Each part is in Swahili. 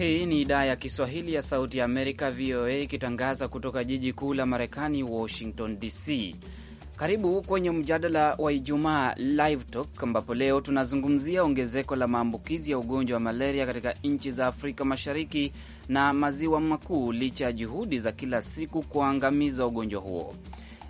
Hii ni idhaa ya Kiswahili ya Sauti ya Amerika, VOA, ikitangaza kutoka jiji kuu la Marekani, Washington DC. Karibu kwenye mjadala wa Ijumaa, Live Talk, ambapo leo tunazungumzia ongezeko la maambukizi ya ugonjwa wa malaria katika nchi za Afrika Mashariki na Maziwa Makuu, licha ya juhudi za kila siku kuangamiza ugonjwa huo.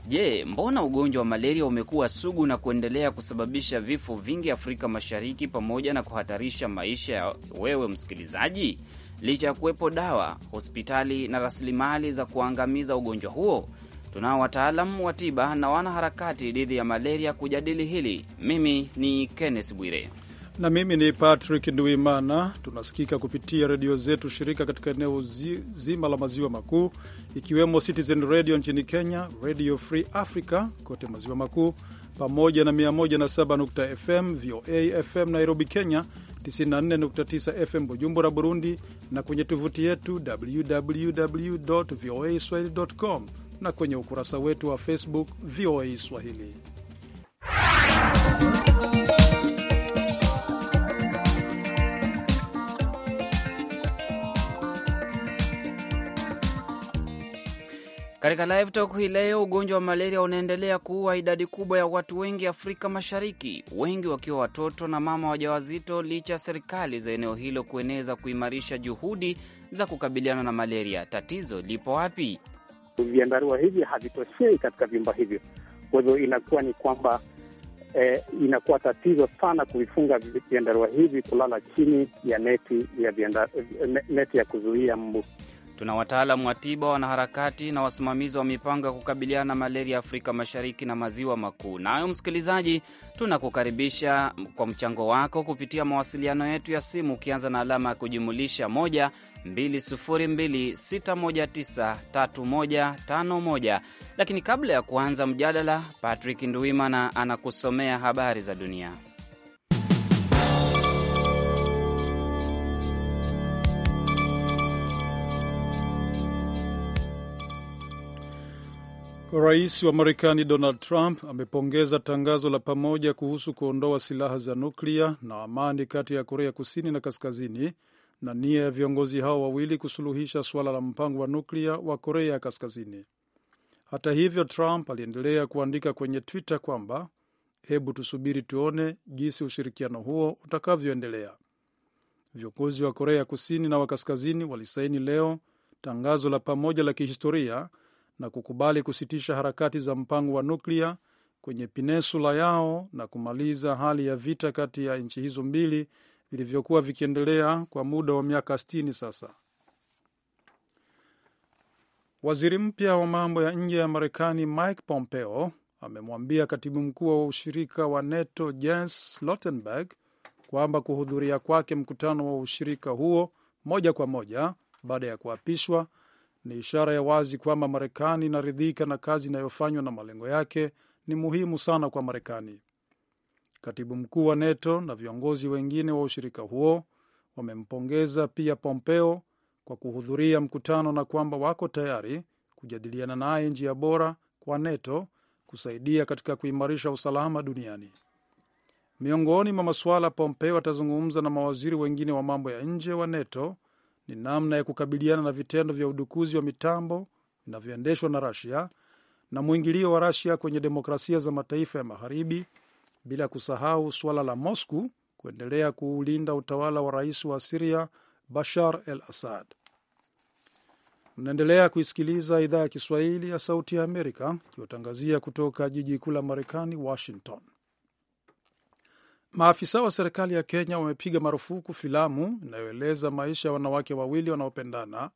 Je, mbona ugonjwa wa malaria umekuwa sugu na kuendelea kusababisha vifo vingi Afrika Mashariki pamoja na kuhatarisha maisha ya wewe msikilizaji? licha ya kuwepo dawa, hospitali na rasilimali za kuangamiza ugonjwa huo. Tunao wataalamu wa tiba na wanaharakati dhidi ya malaria kujadili hili. Mimi ni Kenneth Bwire na mimi ni Patrick Nduimana. Tunasikika kupitia redio zetu shirika katika eneo zima la maziwa makuu, ikiwemo Citizen Radio nchini Kenya, Radio Free Africa kote maziwa makuu pamoja na 17 FM VOA FM Nairobi, Kenya, 94.9 FM Bujumbura, Burundi, na kwenye tovuti yetu www voa shcom na kwenye ukurasa wetu wa Facebook VOA Swahili. Katika live talk hii leo, ugonjwa wa malaria unaendelea kuua idadi kubwa ya watu wengi Afrika Mashariki, wengi wakiwa watoto na mama wajawazito, licha ya serikali za eneo hilo kueneza kuimarisha juhudi za kukabiliana na malaria. Tatizo lipo wapi? Vyandarua hivi havitoshei katika vyumba hivyo, kwa hivyo inakuwa ni kwamba eh, inakuwa tatizo sana kuvifunga vyandarua hivi kulala chini ya neti ya, eh, neti ya kuzuia mbu. Tuna wataalamu wa tiba, wanaharakati na wasimamizi wa mipango ya kukabiliana na malaria Afrika Mashariki na Maziwa Makuu. Nayo msikilizaji, tunakukaribisha kwa mchango wako kupitia mawasiliano yetu ya simu, ukianza na alama ya kujumulisha 1 202 Lakini kabla ya kuanza mjadala, Patrick Nduimana anakusomea habari za dunia. Rais wa Marekani Donald Trump amepongeza tangazo la pamoja kuhusu kuondoa silaha za nuklia na amani kati ya Korea Kusini na Kaskazini na nia ya viongozi hao wawili kusuluhisha suala la mpango wa nuklia wa Korea ya Kaskazini. Hata hivyo, Trump aliendelea kuandika kwenye Twitter kwamba hebu tusubiri tuone jinsi ushirikiano huo utakavyoendelea. Viongozi wa Korea Kusini na wa Kaskazini walisaini leo tangazo la pamoja la kihistoria na kukubali kusitisha harakati za mpango wa nuklia kwenye peninsula yao na kumaliza hali ya vita kati ya nchi hizo mbili vilivyokuwa vikiendelea kwa muda wa miaka 60 sasa. Waziri mpya wa mambo ya nje ya Marekani Mike Pompeo amemwambia katibu mkuu wa ushirika wa NATO Jens Stoltenberg kwamba kuhudhuria kwake mkutano wa ushirika huo moja kwa moja baada ya kuapishwa ni ishara ya wazi kwamba Marekani inaridhika na kazi inayofanywa na malengo yake ni muhimu sana kwa Marekani. Katibu mkuu wa NATO na viongozi wengine wa ushirika huo wamempongeza pia Pompeo kwa kuhudhuria mkutano na kwamba wako tayari kujadiliana naye njia bora kwa NATO kusaidia katika kuimarisha usalama duniani. Miongoni mwa masuala, Pompeo atazungumza na mawaziri wengine wa mambo ya nje wa NATO ni namna ya kukabiliana na vitendo vya udukuzi wa mitambo vinavyoendeshwa na Rasia na mwingilio wa Rasia kwenye demokrasia za mataifa ya Magharibi, bila kusahau suala la Moscow kuendelea kuulinda utawala wa rais wa Siria Bashar el Assad. Mnaendelea kuisikiliza idhaa ya Kiswahili ya Sauti ya Amerika ikiwatangazia kutoka jiji kuu la Marekani, Washington. Maafisa wa serikali ya Kenya wamepiga marufuku filamu inayoeleza maisha ya wanawake wawili wanaopendana,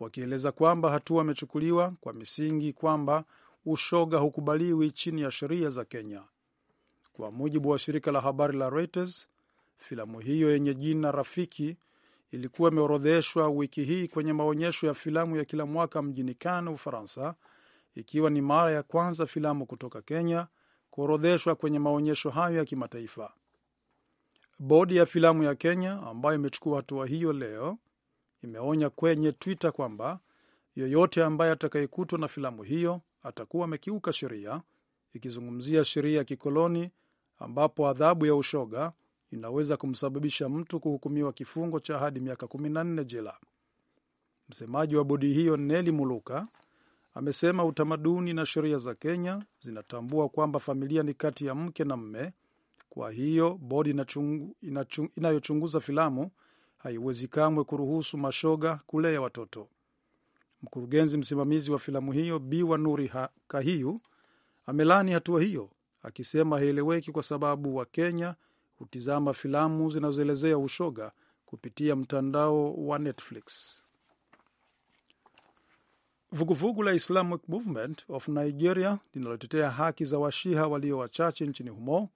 wakieleza kwamba hatua imechukuliwa kwa misingi kwamba ushoga hukubaliwi chini ya sheria za Kenya. Kwa mujibu wa shirika la habari la Reuters, filamu hiyo yenye jina Rafiki ilikuwa imeorodheshwa wiki hii kwenye maonyesho ya filamu ya kila mwaka mjini Cannes, Ufaransa, ikiwa ni mara ya kwanza filamu kutoka Kenya kuorodheshwa kwenye maonyesho hayo ya kimataifa. Bodi ya filamu ya Kenya ambayo imechukua hatua hiyo leo imeonya kwenye Twitter kwamba yoyote ambaye atakayekutwa na filamu hiyo atakuwa amekiuka sheria, ikizungumzia sheria ya kikoloni ambapo adhabu ya ushoga inaweza kumsababisha mtu kuhukumiwa kifungo cha hadi miaka 14 jela. Msemaji wa bodi hiyo Neli Muluka amesema utamaduni na sheria za Kenya zinatambua kwamba familia ni kati ya mke na mme kwa hiyo bodi inayochunguza filamu haiwezi kamwe kuruhusu mashoga kulea watoto. Mkurugenzi msimamizi wa filamu hiyo Biwa Nuri kahiyu amelani hatua hiyo akisema haieleweki kwa sababu Wakenya hutizama filamu zinazoelezea ushoga kupitia mtandao wa Netflix. Vuguvugu la Islamic Movement of Nigeria linalotetea haki za washiha walio wachache nchini humo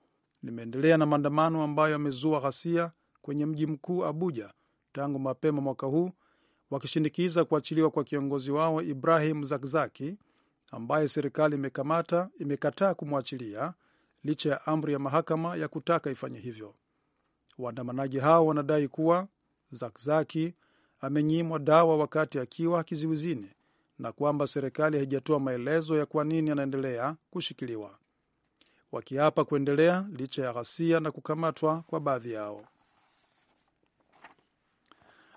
limeendelea na maandamano ambayo yamezua ghasia kwenye mji mkuu Abuja tangu mapema mwaka huu wakishinikiza kuachiliwa kwa kiongozi wao Ibrahim Zakzaki ambaye serikali imekamata imekataa kumwachilia licha ya amri ya mahakama ya kutaka ifanye hivyo. Waandamanaji hao wanadai kuwa Zakzaki amenyimwa dawa wakati akiwa kizuizini na kwamba serikali haijatoa maelezo ya kwa nini anaendelea kushikiliwa wakiapa kuendelea licha ya ghasia na kukamatwa kwa baadhi yao.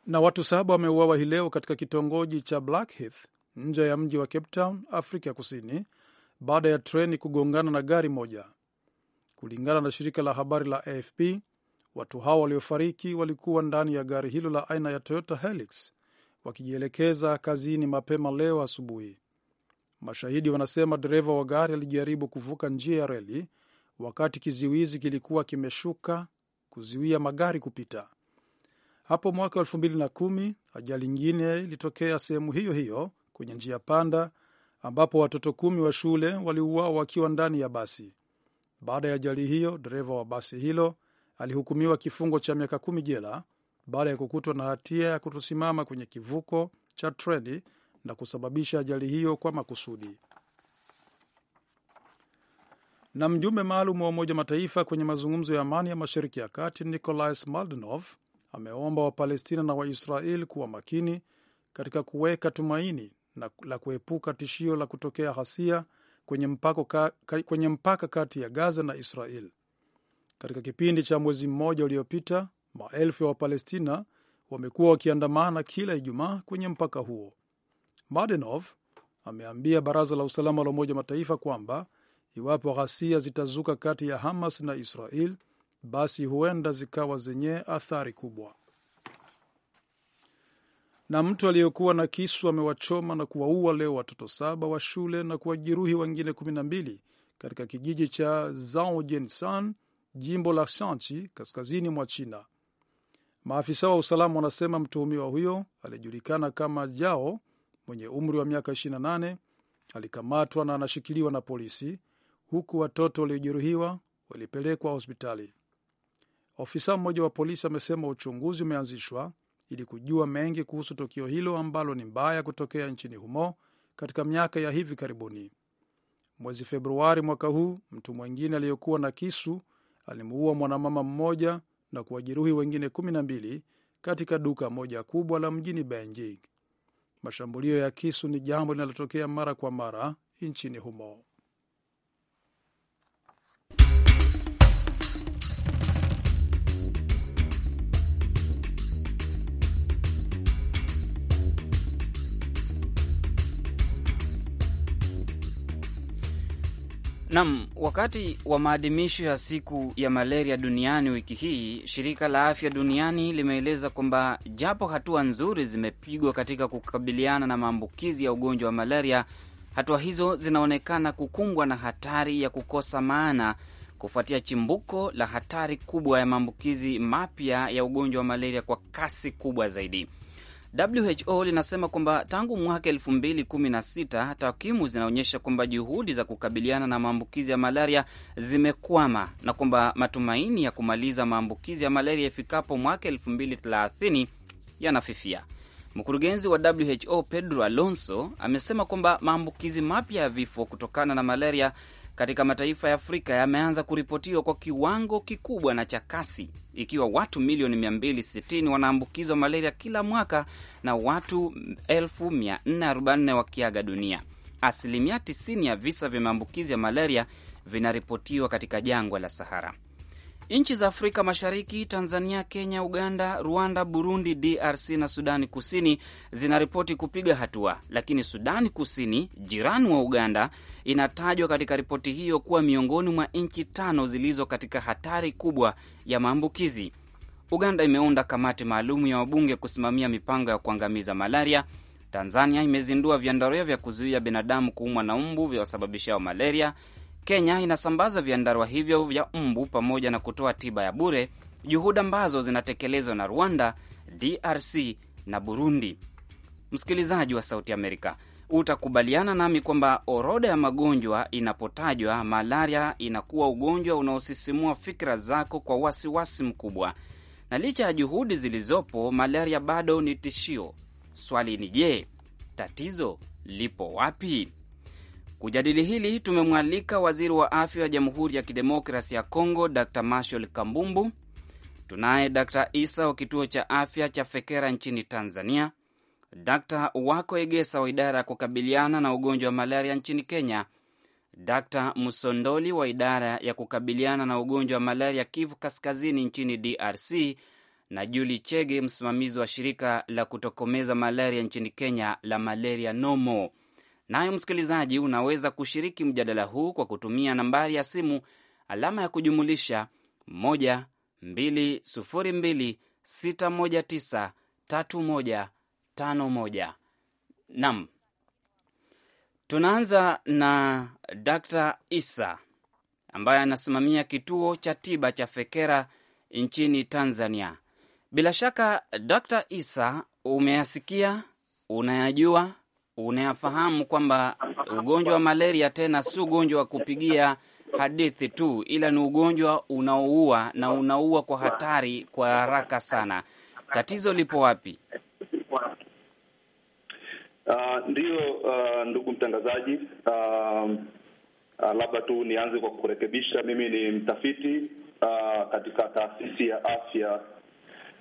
Na watu saba wameuawa hii leo katika kitongoji cha Blackheath nje ya mji wa Cape Town, Afrika ya Kusini, baada ya treni kugongana na gari moja. Kulingana na shirika la habari la AFP, watu hao waliofariki walikuwa ndani ya gari hilo la aina ya Toyota Helix wakijielekeza kazini mapema leo asubuhi. Mashahidi wanasema dereva wa gari alijaribu kuvuka njia ya reli wakati kiziwizi kilikuwa kimeshuka kuziwia magari kupita. Hapo mwaka elfu mbili na kumi ajali ingine ilitokea sehemu hiyo hiyo kwenye njia panda ambapo watoto kumi wa shule waliuawa wakiwa ndani ya basi. Baada ya ajali hiyo, dereva wa basi hilo alihukumiwa kifungo cha miaka kumi jela baada ya kukutwa na hatia ya kutosimama kwenye kivuko cha treni na kusababisha ajali hiyo kwa makusudi. Na mjumbe maalum wa Umoja Mataifa kwenye mazungumzo ya amani ya Mashariki ya Kati Nicolas Maldonov ameomba Wapalestina na Waisrael kuwa makini katika kuweka tumaini na la kuepuka tishio la kutokea ghasia kwenye mpaka, ka, kwenye mpaka kati ya Gaza na Israel. Katika kipindi cha mwezi mmoja uliopita, maelfu ya Wapalestina wamekuwa wakiandamana kila Ijumaa kwenye mpaka huo. Madenov ameambia baraza la usalama la Umoja Mataifa kwamba iwapo ghasia zitazuka kati ya Hamas na Israel basi huenda zikawa zenye athari kubwa. Na mtu aliyekuwa na kisu amewachoma na kuwaua leo watoto saba wa shule na kuwajeruhi wengine kumi na mbili katika kijiji cha zaojensan jimbo la Shanxi, kaskazini mwa China. Maafisa wa usalama wanasema mtuhumiwa huyo aliyejulikana kama Jao mwenye umri wa miaka 28 alikamatwa na anashikiliwa na polisi, huku watoto waliojeruhiwa walipelekwa hospitali. Ofisa mmoja wa polisi amesema uchunguzi umeanzishwa ili kujua mengi kuhusu tukio hilo ambalo ni mbaya kutokea nchini humo katika miaka ya hivi karibuni. Mwezi Februari mwaka huu, mtu mwingine aliyekuwa na kisu alimuua mwanamama mmoja na kuwajeruhi wengine 12 katika duka moja kubwa la mjini Beijing. Mashambulio ya kisu ni jambo linalotokea mara kwa mara nchini humo. Nam, wakati wa maadhimisho ya siku ya malaria duniani wiki hii, shirika la afya duniani limeeleza kwamba japo hatua nzuri zimepigwa katika kukabiliana na maambukizi ya ugonjwa wa malaria, hatua hizo zinaonekana kukumbwa na hatari ya kukosa maana kufuatia chimbuko la hatari kubwa ya maambukizi mapya ya ugonjwa wa malaria kwa kasi kubwa zaidi. WHO linasema kwamba tangu mwaka 2016 takwimu zinaonyesha kwamba juhudi za kukabiliana na maambukizi ya malaria zimekwama na kwamba matumaini ya kumaliza maambukizi ya malaria ifikapo mwaka 2030 yanafifia. Mkurugenzi wa WHO Pedro Alonso amesema kwamba maambukizi mapya ya vifo kutokana na malaria katika mataifa ya Afrika yameanza kuripotiwa kwa kiwango kikubwa na cha kasi, ikiwa watu milioni 260 wanaambukizwa malaria kila mwaka na watu 444 wakiaga dunia. Asilimia 90 ya visa vya maambukizi ya malaria vinaripotiwa katika jangwa la Sahara. Nchi za Afrika Mashariki, Tanzania, Kenya, Uganda, Rwanda, Burundi, DRC na Sudani Kusini zinaripoti kupiga hatua, lakini Sudani Kusini, jirani wa Uganda, inatajwa katika ripoti hiyo kuwa miongoni mwa nchi tano zilizo katika hatari kubwa ya maambukizi. Uganda imeunda kamati maalum ya wabunge kusimamia mipango ya kuangamiza malaria. Tanzania imezindua vyandarua vya kuzuia binadamu kuumwa na mbu vya wasababishao malaria. Kenya inasambaza viandarwa hivyo vya mbu pamoja na kutoa tiba ya bure, juhudi ambazo zinatekelezwa na Rwanda, DRC na Burundi. Msikilizaji wa Sauti Amerika, utakubaliana nami kwamba orodha ya magonjwa inapotajwa, malaria inakuwa ugonjwa unaosisimua fikra zako kwa wasiwasi wasi mkubwa, na licha ya juhudi zilizopo, malaria bado ni tishio. Swali ni je, tatizo lipo wapi? Kujadili hili tumemwalika waziri wa afya wa Jamhuri ya Kidemokrasi ya Kongo, Dr Marshal Kambumbu. Tunaye Dr Isa wa kituo cha afya cha Fekera nchini Tanzania, Dr Wako Egesa wa idara ya kukabiliana na ugonjwa wa malaria nchini Kenya, Dr Musondoli wa idara ya kukabiliana na ugonjwa wa malaria Kivu Kaskazini nchini DRC, na Juli Chege, msimamizi wa shirika la kutokomeza malaria nchini Kenya la Malaria Nomo. Nayo msikilizaji, unaweza kushiriki mjadala huu kwa kutumia nambari ya simu alama ya kujumulisha 12026193151. Nam, tunaanza na Dr. Isa ambaye anasimamia kituo cha tiba cha Fekera nchini Tanzania. Bila shaka Dr. Isa, umeyasikia unayajua unayafahamu kwamba ugonjwa wa malaria tena si ugonjwa wa kupigia hadithi tu, ila ni ugonjwa unaoua na unaua kwa hatari kwa haraka sana. Tatizo lipo wapi? Uh, ah, ndiyo uh, ah, ndugu mtangazaji uh, uh, labda tu nianze kwa kurekebisha Mimi ni mtafiti uh, katika taasisi ya afya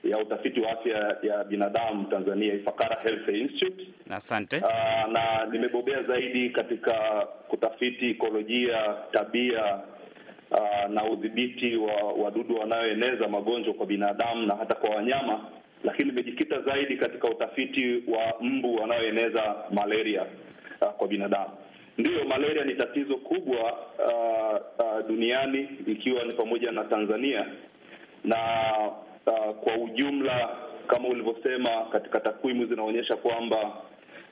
ya utafiti wa afya ya binadamu Tanzania, Ifakara Health Institute. Asante. Uh, na nimebobea zaidi katika kutafiti ikolojia, tabia uh, na udhibiti wa wadudu wanaoeneza magonjwa kwa binadamu na hata kwa wanyama, lakini nimejikita zaidi katika utafiti wa mbu wanaoeneza malaria uh, kwa binadamu. Ndiyo, malaria ni tatizo kubwa uh, uh, duniani ikiwa ni pamoja na Tanzania na uh, kwa ujumla kama ulivyosema katika takwimu zinaonyesha kwamba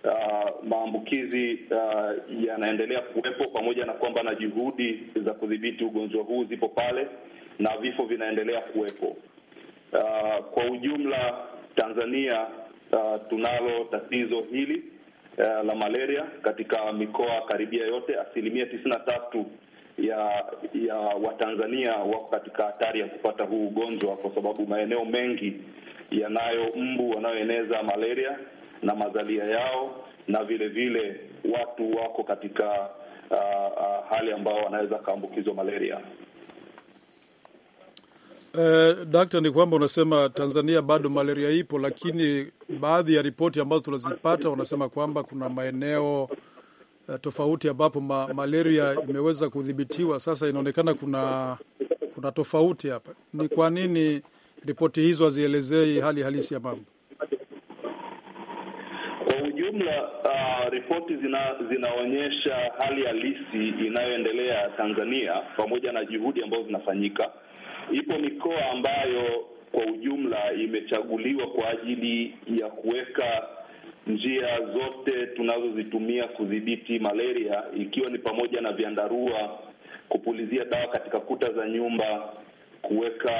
uh, maambukizi uh, yanaendelea kuwepo pamoja na kwamba na juhudi za kudhibiti ugonjwa huu zipo pale na vifo vinaendelea kuwepo. Uh, kwa ujumla Tanzania uh, tunalo tatizo hili uh, la malaria katika mikoa karibia yote. Asilimia tisini na tatu ya ya Watanzania wako katika hatari ya kupata huu ugonjwa, kwa sababu maeneo mengi yanayo mbu wanayoeneza malaria na mazalia yao, na vile vile watu wako katika uh, uh, hali ambayo wanaweza kaambukizwa malaria. Eh, Daktari, ni kwamba unasema Tanzania bado malaria ipo, lakini baadhi ya ripoti ambazo tunazipata wanasema kwamba kuna maeneo Eh, tofauti ambapo ma, malaria imeweza kudhibitiwa, sasa inaonekana kuna kuna tofauti hapa. Ni kwa nini ripoti hizo hazielezei hali halisi ya mambo? ujumla? uh, ripoti zina, zinaonyesha hali halisi inayoendelea Tanzania pamoja na juhudi ambazo zinafanyika. Ipo mikoa ambayo kwa ujumla imechaguliwa kwa ajili ya kuweka njia zote tunazozitumia kudhibiti malaria, ikiwa ni pamoja na vyandarua, kupulizia dawa katika kuta za nyumba, kuweka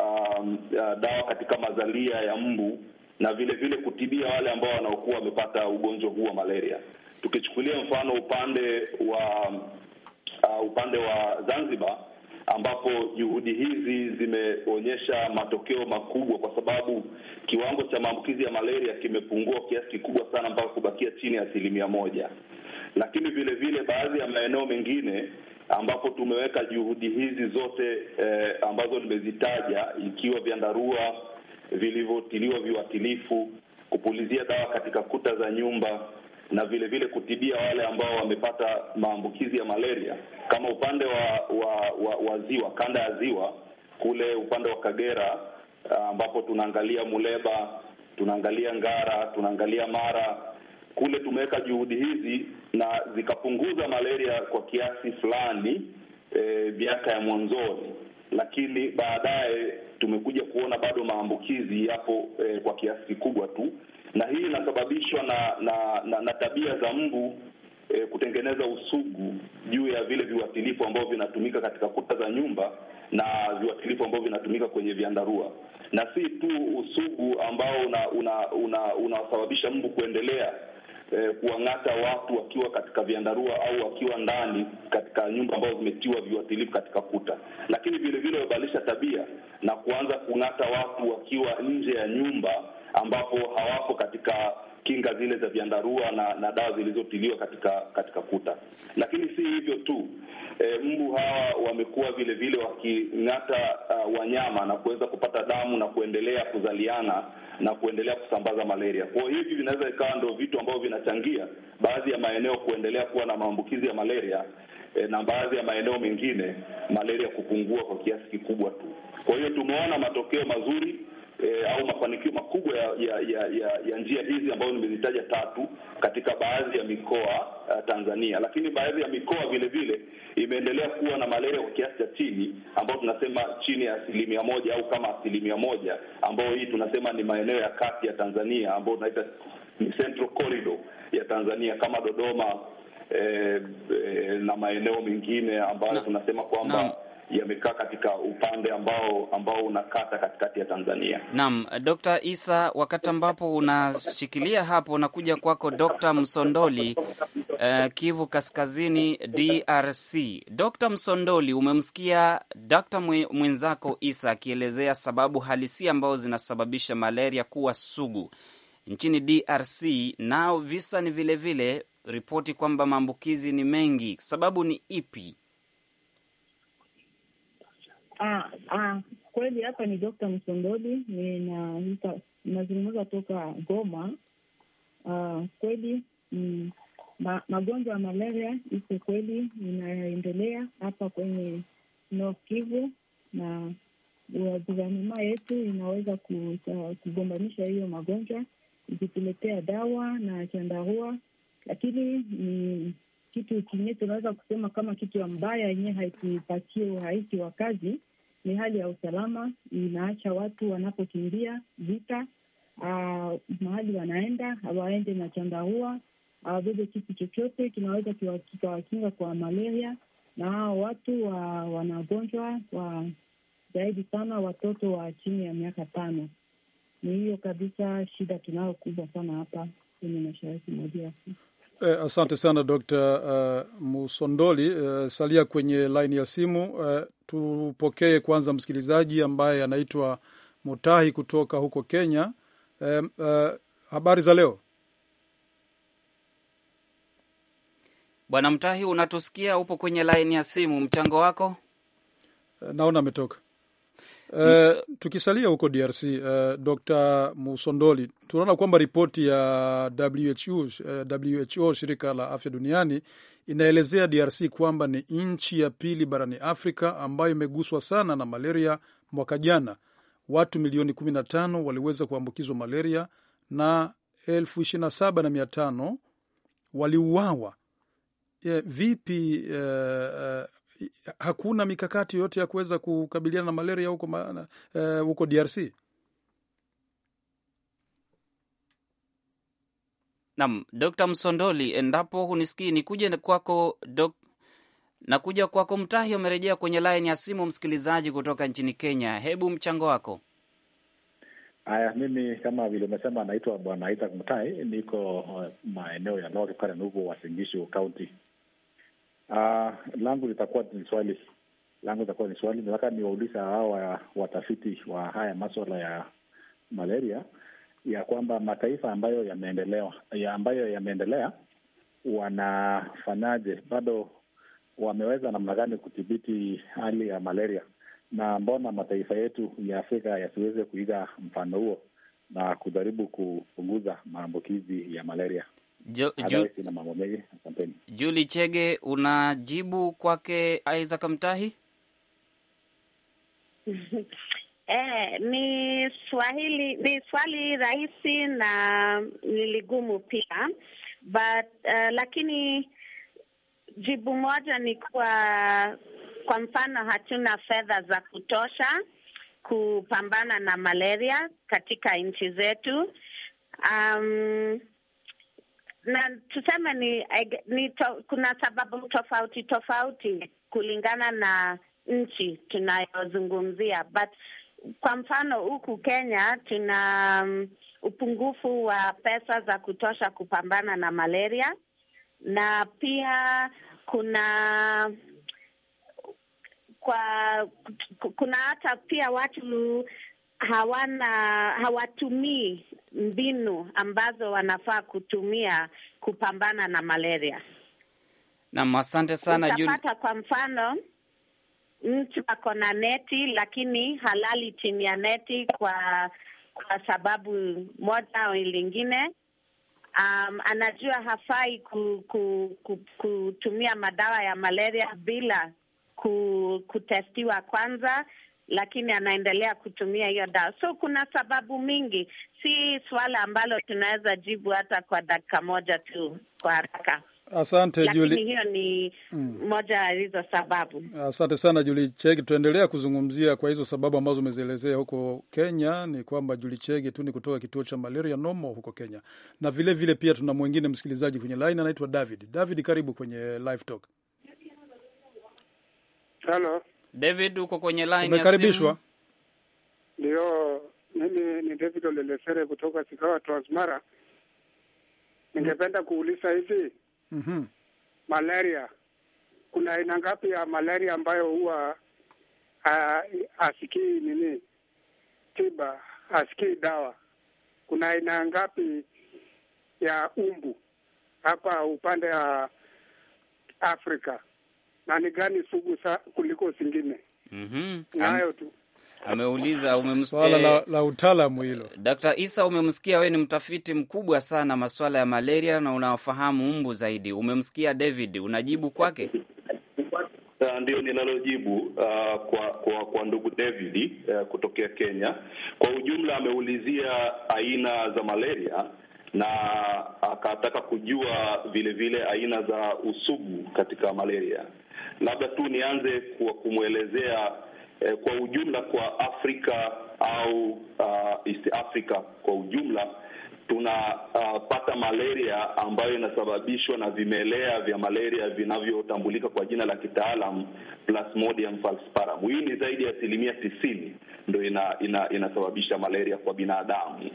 um, uh, dawa katika mazalia ya mbu na vile vile kutibia wale ambao wanaokuwa wamepata ugonjwa huu wa malaria. Tukichukulia mfano upande wa uh, upande wa Zanzibar ambapo juhudi hizi zimeonyesha matokeo makubwa, kwa sababu kiwango cha maambukizi ya malaria kimepungua kiasi kikubwa sana mpaka kubakia chini ya asilimia moja. Lakini vile vile baadhi ya maeneo mengine ambapo tumeweka juhudi hizi zote eh, ambazo nimezitaja, ikiwa vyandarua vilivyotiliwa viuatilifu, kupulizia dawa katika kuta za nyumba na vile vile kutibia wale ambao wamepata maambukizi ya malaria, kama upande wa wa, wa, wa ziwa, kanda ya ziwa kule upande wa Kagera ah, ambapo tunaangalia Muleba, tunaangalia Ngara, tunaangalia Mara kule tumeweka juhudi hizi na zikapunguza malaria kwa kiasi fulani eh, miaka e, ya mwanzoni, lakini baadaye tumekuja kuona bado maambukizi yapo e, kwa kiasi kikubwa tu, na hii inasababishwa na na, na na tabia za mbu e, kutengeneza usugu juu ya vile viwatilifu ambavyo vinatumika katika kuta za nyumba na viwatilifu ambavyo vinatumika kwenye viandarua, na si tu usugu ambao unasababisha una, una mbu kuendelea e, kuwang'ata watu wakiwa katika viandarua au wakiwa ndani katika nyumba ambazo zimetiwa viwatilifu katika kuta, lakini vilevile wabadilisha tabia na kuanza kung'ata watu wakiwa nje ya nyumba ambapo hawapo katika kinga zile za vyandarua na, na dawa zilizotiliwa katika katika kuta. Lakini si hivyo tu, e, mbu hawa wamekuwa vile vile waking'ata uh, wanyama na kuweza kupata damu na kuendelea kuzaliana na kuendelea kusambaza malaria. Kwa hiyo hivi vinaweza ikawa ndio vitu ambavyo vinachangia baadhi ya maeneo kuendelea kuwa na maambukizi ya malaria e, na baadhi ya maeneo mengine malaria kupungua kwa kiasi kikubwa tu. Kwa hiyo tumeona matokeo mazuri e, au mafanikio makubwa ya ya, ya ya ya njia hizi ambazo nimezitaja tatu katika baadhi ya mikoa uh, Tanzania, lakini baadhi ya mikoa vile vile imeendelea kuwa na malaria kwa kiasi cha chini ambayo tunasema chini ya asilimia moja au kama asilimia moja, ambayo hii tunasema ni maeneo ya kati ya Tanzania ambayo tunaita ni central corridor ya Tanzania kama Dodoma, eh, eh, na maeneo mengine ambayo tunasema kwamba yamekaa katika upande ambao ambao unakata katikati ya Tanzania. Naam, Dr. Isa, wakati ambapo unashikilia hapo, unakuja kwako Dr. Msondoli, uh, Kivu Kaskazini, DRC. Dr. Msondoli, umemsikia Dr. mwenzako Isa akielezea sababu halisi ambazo zinasababisha malaria kuwa sugu nchini DRC, nao visa ni vilevile, ripoti kwamba maambukizi ni mengi. Sababu ni ipi? Ah, ah, kweli hapa ni Dr. Msondodi, ninazungumza toka Goma. Ah, kweli mm, ma, magonjwa ya malaria iko kweli inaendelea hapa kwenye North Kivu na guvernema yetu inaweza kugombanisha hiyo magonjwa ikituletea dawa na chandarua, lakini mm, kitu chenyewe tunaweza kusema kama kitu ambayo yenyewe haikupatie urahisi wa kazi ni hali ya usalama. Inaacha watu wanapokimbia vita, uh, mahali wanaenda hawaende na chandarua, hawabebe kitu chochote kinaweza kikawakinga kwa malaria, na hao watu wa, wanagonjwa wa zaidi sana watoto wa chini ya miaka tano. Ni hiyo kabisa shida tunayo kubwa sana hapa kwenye mashariki mwa DRC. Eh, asante sana Dr. uh, eh, Musondoli. Uh, salia kwenye laini ya simu. Uh, tupokee kwanza msikilizaji ambaye anaitwa Mutahi kutoka huko Kenya. Uh, uh, habari za leo Bwana Mtahi, unatusikia? Upo kwenye laini ya simu, mchango wako naona ametoka. Uh, tukisalia huko DRC uh, eh, Dr. Musondoli, tunaona kwamba ripoti ya WHO, uh, eh, WHO shirika la afya duniani inaelezea DRC kwamba ni nchi ya pili barani Afrika ambayo imeguswa sana na malaria. Mwaka jana watu milioni 15 waliweza kuambukizwa malaria na elfu na mia tano waliuawa. Yeah, vipi uh, uh, hakuna mikakati yoyote ya kuweza kukabiliana na malaria huko ma, uh, huko DRC? Naam, Dr. Msondoli, endapo hunisikii ni kuja kwako dok... na kuja kwako Mtahi, umerejea kwenye laini ya simu, msikilizaji kutoka nchini Kenya. Hebu mchango wako. Haya, mimi kama vile umesema, naitwa Bwana Isaac Mtai, niko eh, maeneo ya Lori Wasingishu Uh, langu litakuwa ni swali langu litakuwa ni swali, nataka niwauliza hawa watafiti wa haya maswala ya malaria ya kwamba mataifa ambayo yameendelewa ya ambayo yameendelea wanafanyaje, bado wameweza namna gani kudhibiti hali ya malaria, na mbona mataifa yetu ya Afrika yasiweze kuiga mfano huo na kujaribu kupunguza maambukizi ya malaria? Jo, ju, Juli Chege, unajibu kwake Isaac Mtahi? Eh, ni swahili ni swali rahisi na ligumu pia but uh, lakini jibu moja ni kuwa kwa mfano hatuna fedha za kutosha kupambana na malaria katika nchi zetu. Um, na tuseme ni, ni to, kuna sababu tofauti tofauti kulingana na nchi tunayozungumzia, but kwa mfano huku Kenya tuna um, upungufu wa pesa za kutosha kupambana na malaria, na pia kuna kwa kuna hata pia watu hawana hawatumii mbinu ambazo wanafaa kutumia kupambana na malaria. Naam, asante sana. Utapata kwa mfano mtu ako na neti lakini halali chini ya neti kwa kwa sababu moja au lingine. Um, anajua hafai ku, ku, ku, kutumia madawa ya malaria bila ku, kutestiwa kwanza lakini anaendelea kutumia hiyo dawa. So kuna sababu mingi, si swala ambalo tunaweza jibu hata kwa dakika moja tu kwa haraka. Asante Juli, hiyo ni mm, moja ya hizo sababu. Asante sana Juli Chege, tutaendelea kuzungumzia kwa hizo sababu ambazo umezielezea huko Kenya. Ni kwamba Juli Chege tu ni kutoka kituo cha malaria Nomo huko Kenya, na vilevile vile pia tuna mwingine msikilizaji kwenye line anaitwa David. David, karibu kwenye live talk. David, uko kwenye line. Umekaribishwa. Ndio, mimi ni David Olelesere kutoka Sikawa, Transmara. Ningependa kuuliza hivi, mm -hmm. malaria kuna aina ngapi ya malaria ambayo huwa asikii nini tiba, asikii dawa? Kuna aina ngapi ya umbu hapa upande wa Afrika? na ni gani sugu sa, kuliko zingine. mm -hmm. Nayo tu ameuliza umemsikia, la, eh, la utaalamu hilo. Dr. Isa, umemsikia wewe, ni mtafiti mkubwa sana masuala ya malaria na unawafahamu mbu zaidi. Umemsikia David, unajibu kwake? Ah, ndio ninalojibu uh, kwa kwa kwa ndugu David uh, kutokea Kenya. Kwa ujumla ameulizia aina za malaria na akataka kujua vile vile aina za usugu katika malaria. Labda tu nianze kwa kumwelezea eh, kwa ujumla kwa Afrika au uh, East Africa kwa ujumla tunapata uh, malaria ambayo inasababishwa na vimelea vya malaria vinavyotambulika kwa jina la kitaalam Plasmodium falciparum. Hii ni zaidi ya asilimia tisini ndo ina, ina, inasababisha malaria kwa binadamu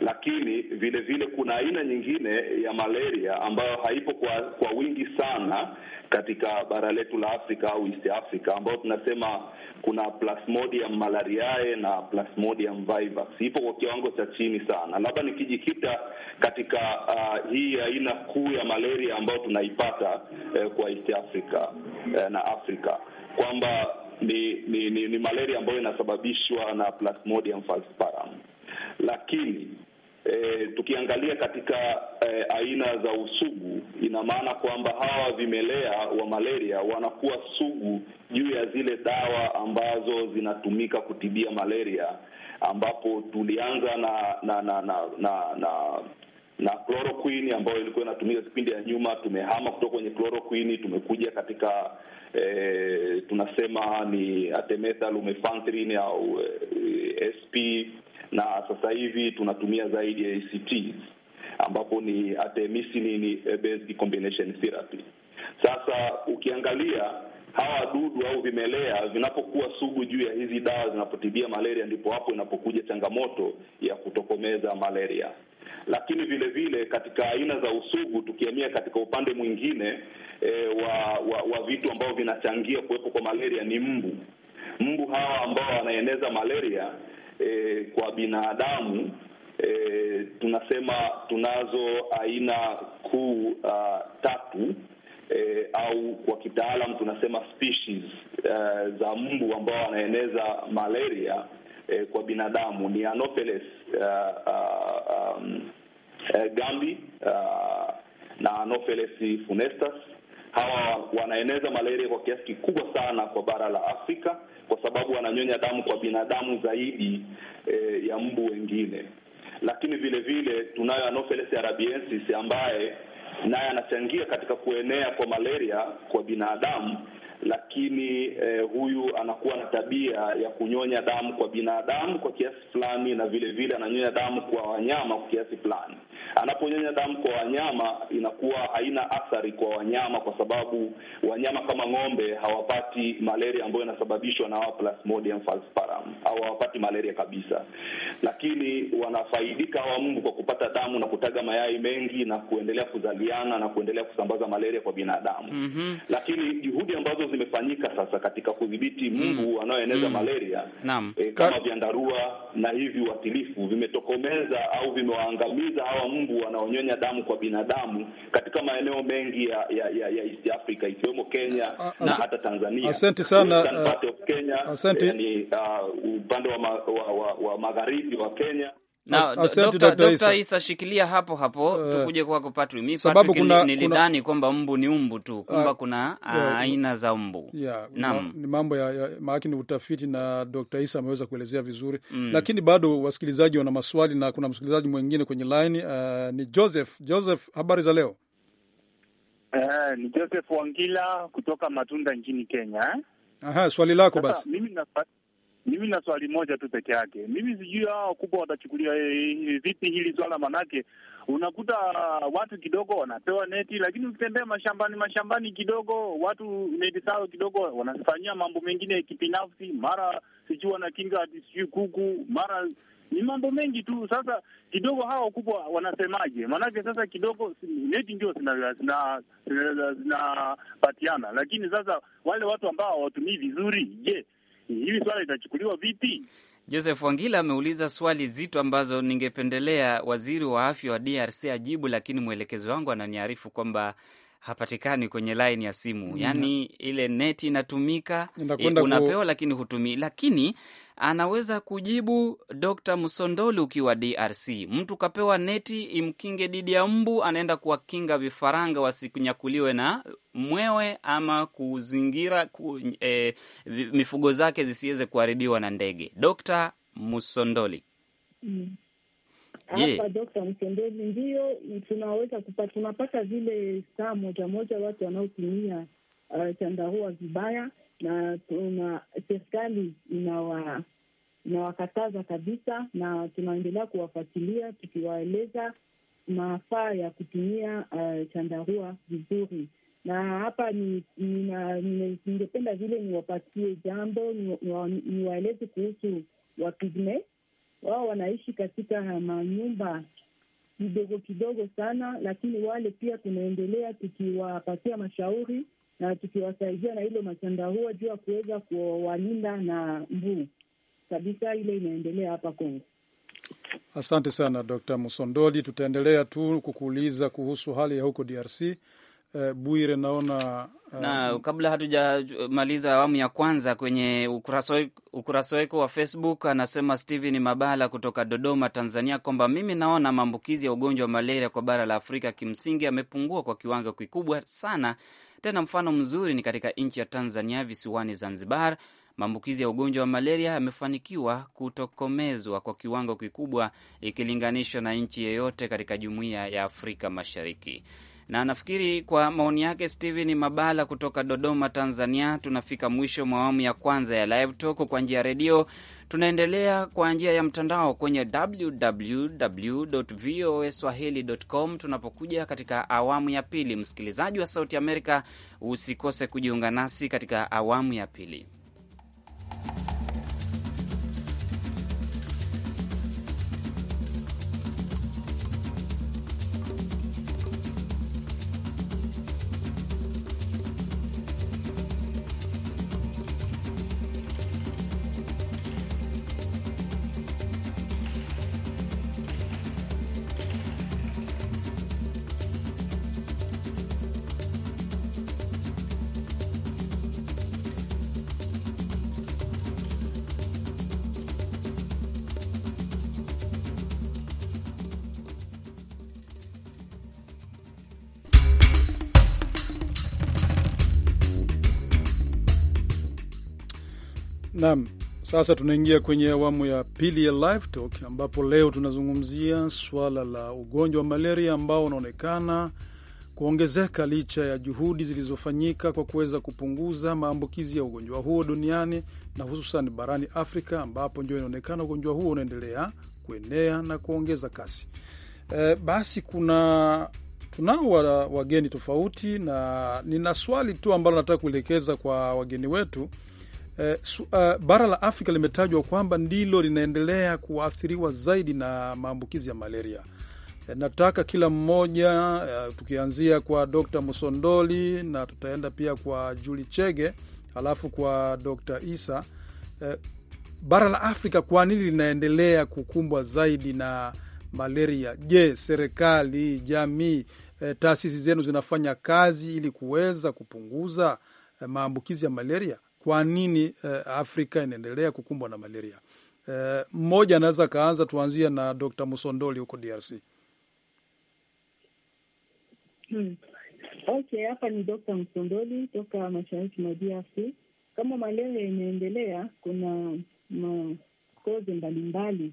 lakini vile vile kuna aina nyingine ya malaria ambayo haipo kwa, kwa wingi sana katika bara letu la Afrika au East Africa ambayo tunasema kuna Plasmodium malariae na Plasmodium vivax, ipo kwa kiwango cha chini sana. Labda nikijikita katika uh, hii aina kuu ya malaria ambayo tunaipata eh, kwa East Africa eh, na Afrika kwamba ni, ni, ni, ni malaria ambayo inasababishwa na Plasmodium falciparum lakini e, tukiangalia katika e, aina za usugu, ina maana kwamba hawa vimelea wa malaria wanakuwa sugu juu ya zile dawa ambazo zinatumika kutibia malaria, ambapo tulianza na na na na, na, na na chloroquine ambayo ilikuwa inatumika kipindi ya nyuma. Tumehama kutoka kwenye chloroquine, tumekuja katika e, tunasema ni artemether lumefantrine au e, SP na sasa hivi tunatumia zaidi ya ACT ambapo ni artemisinin eh, based combination therapy. Sasa ukiangalia hawa wadudu au vimelea vinapokuwa sugu juu ya hizi dawa zinapotibia malaria, ndipo hapo inapokuja changamoto ya kutokomeza malaria. Lakini vile vile katika aina za usugu, tukiamia katika upande mwingine e, wa, wa wa vitu ambavyo vinachangia kuwepo kwa malaria ni mbu. Mbu hawa ambao wanaeneza malaria e, kwa binadamu e, tunasema tunazo aina kuu uh, tatu e, au kwa kitaalam tunasema species uh, za mbu ambao wanaeneza malaria e, kwa binadamu ni Anopheles uh, uh, um, e, gambi uh, na Anopheles funestas Hawa wanaeneza malaria kwa kiasi kikubwa sana kwa bara la Afrika kwa sababu wananyonya damu kwa binadamu zaidi e, ya mbu wengine. Lakini vile vile tunayo Anopheles arabiensis ambaye naye anachangia katika kuenea kwa malaria kwa binadamu, lakini e, huyu anakuwa na tabia ya kunyonya damu kwa binadamu kwa kiasi fulani, na vile vile ananyonya damu kwa wanyama kwa kiasi fulani. Anaponyonya damu kwa wanyama inakuwa haina athari kwa wanyama, kwa sababu wanyama kama ng'ombe hawapati malaria ambayo inasababishwa na Plasmodium falciparum au hawapati malaria kabisa, lakini wanafaidika hawa mbu kwa kupata damu na kutaga mayai mengi na kuendelea kuzaliana na kuendelea kusambaza malaria kwa binadamu. mm -hmm. Lakini juhudi ambazo zimefanyika sasa katika kudhibiti mbu mm -hmm. wanaoeneza mm -hmm. malaria Naam. E, kama vyandarua na hivi watilifu vimetokomeza au vimewaangamiza hawa mbu mbu wanaonyonya damu kwa binadamu katika maeneo mengi ya, ya, ya, ya East Africa ikiwemo Kenya a, na hata Tanzania. Asante sana uh, of Kenya, asante. Yani, eh, uh, upande wa, ma, wa, wa, wa magharibi wa Kenya na Dokta Isa, shikilia hapo hapo, uh, tukuje kwako Patrick. Sababu kuna nilidhani kwamba mbu ni mbu tu, uh, kumba kuna uh, yeah, aina za mbu yeah, naam, ni mambo ya, ya maana ni utafiti na Dokta Isa ameweza kuelezea vizuri mm. Lakini bado wasikilizaji wana maswali na kuna msikilizaji mwingine kwenye line uh, ni Joseph. Joseph, habari za leo? Uh, ni Joseph Wangila kutoka Matunda nchini Kenya. Eh? Aha, swali lako basi. Mimi na mimi na swali moja tu peke yake, mimi sijui hao wakubwa watachukulia e, vipi hili swala, manake unakuta uh, watu kidogo wanapewa neti, lakini ukitembea mashambani mashambani kidogo, watu neti zao kidogo wanafanyia mambo mengine kibinafsi, mara sijui wanakinga hati sijui kuku, mara ni mambo mengi tu. Sasa kidogo hawa wakubwa wanasemaje? Maanake sasa kidogo neti ndio zinapatiana, lakini sasa wale watu ambao hawatumii vizuri, je, hili swala litachukuliwa vipi? Joseph Wangila ameuliza swali zito ambazo ningependelea waziri wa afya wa DRC ajibu, lakini mwelekezo wangu ananiarifu kwamba hapatikani kwenye laini ya simu, yani ile neti inatumika e, unapewa, lakini hutumii. Lakini anaweza kujibu Dr. Msondoli ukiwa DRC, mtu kapewa neti imkinge dhidi ya mbu, anaenda kuwakinga vifaranga wasinyakuliwe na mwewe ama kuzingira ku, eh, mifugo zake zisiweze kuharibiwa na ndege. Dr. msondoli mm. Hapa Dokta Mtendezi ndio tunaweza kupata, tunapata vile saa moja moja watu wanaotumia uh, chandarua vibaya, na tuna serikali inawa inawakataza kabisa, na tunaendelea kuwafuatilia tukiwaeleza maafaa ya kutumia uh, chandarua vizuri. Na hapa ningependa vile niwapatie jambo, niwaeleze kuhusu wapigme wao wanaishi katika manyumba kidogo kidogo sana, lakini wale pia tunaendelea tukiwapatia mashauri na tukiwasaidia na ile machandarua juu ya kuweza kuwalinda na mbuu kabisa. Ile inaendelea hapa Kongo. Asante sana Dr. Musondoli, tutaendelea tu kukuuliza kuhusu hali ya huko DRC Eh, Bwire naona uh, na kabla hatujamaliza awamu ya kwanza, kwenye ukurasa weko wa Facebook anasema Steven Mabala kutoka Dodoma, Tanzania, kwamba mimi naona maambukizi ya ugonjwa wa malaria kwa bara la Afrika kimsingi yamepungua kwa kiwango kikubwa sana. Tena mfano mzuri ni katika nchi ya Tanzania, visiwani Zanzibar, maambukizi ya ugonjwa wa malaria yamefanikiwa kutokomezwa kwa kiwango kikubwa ikilinganishwa na nchi yeyote katika jumuiya ya Afrika Mashariki na nafikiri kwa maoni yake Steven Mabala kutoka Dodoma, Tanzania. Tunafika mwisho mwa awamu ya kwanza ya Live Talk kwa njia ya redio. Tunaendelea kwa njia ya mtandao kwenye www voa swahilicom. Tunapokuja katika awamu ya pili, msikilizaji wa Sauti Amerika, usikose kujiunga nasi katika awamu ya pili. Naam, sasa tunaingia kwenye awamu ya pili ya Live Talk ambapo leo tunazungumzia swala la ugonjwa wa malaria ambao unaonekana kuongezeka licha ya juhudi zilizofanyika kwa kuweza kupunguza maambukizi ya ugonjwa huo duniani na hususan barani Afrika ambapo ndio inaonekana ugonjwa huo unaendelea kuenea na kuongeza kasi. E, basi kuna tunao wageni tofauti na nina swali tu ambalo nataka kuelekeza kwa wageni wetu Eh, su, uh, bara la Afrika limetajwa kwamba ndilo linaendelea kuathiriwa zaidi na maambukizi ya malaria. Eh, nataka kila mmoja uh, tukianzia kwa Dr. Musondoli na tutaenda pia kwa Juli Chege alafu kwa Dr. Isa uh, bara la Afrika kwa nini linaendelea kukumbwa zaidi na malaria? Je, serikali, jamii, eh, taasisi zenu zinafanya kazi ili kuweza kupunguza eh, maambukizi ya malaria? kwa nini uh, Afrika inaendelea kukumbwa na malaria. Eh, mmoja uh, anaweza akaanza, tuanzie na Dr. Musondoli huko DRC. Hmm. Okay, hapa ni Dr. Msondoli toka mashariki mwa DRC. Kama malaria inaendelea kuna makozi mbalimbali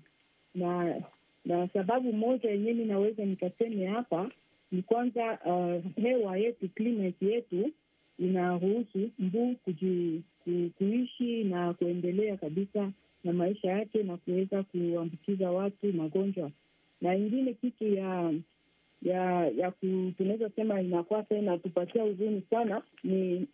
na na sababu moja yenyewe ninaweza nikaseme hapa ni kwanza, uh, hewa yetu, climate yetu inaruhusu mbu kuji, ku, kuishi na kuendelea kabisa na maisha yake na kuweza kuambukiza watu magonjwa. Na ingine kitu ya ya ya tunaweza sema inakuwa tena inatupatia huzuni sana ni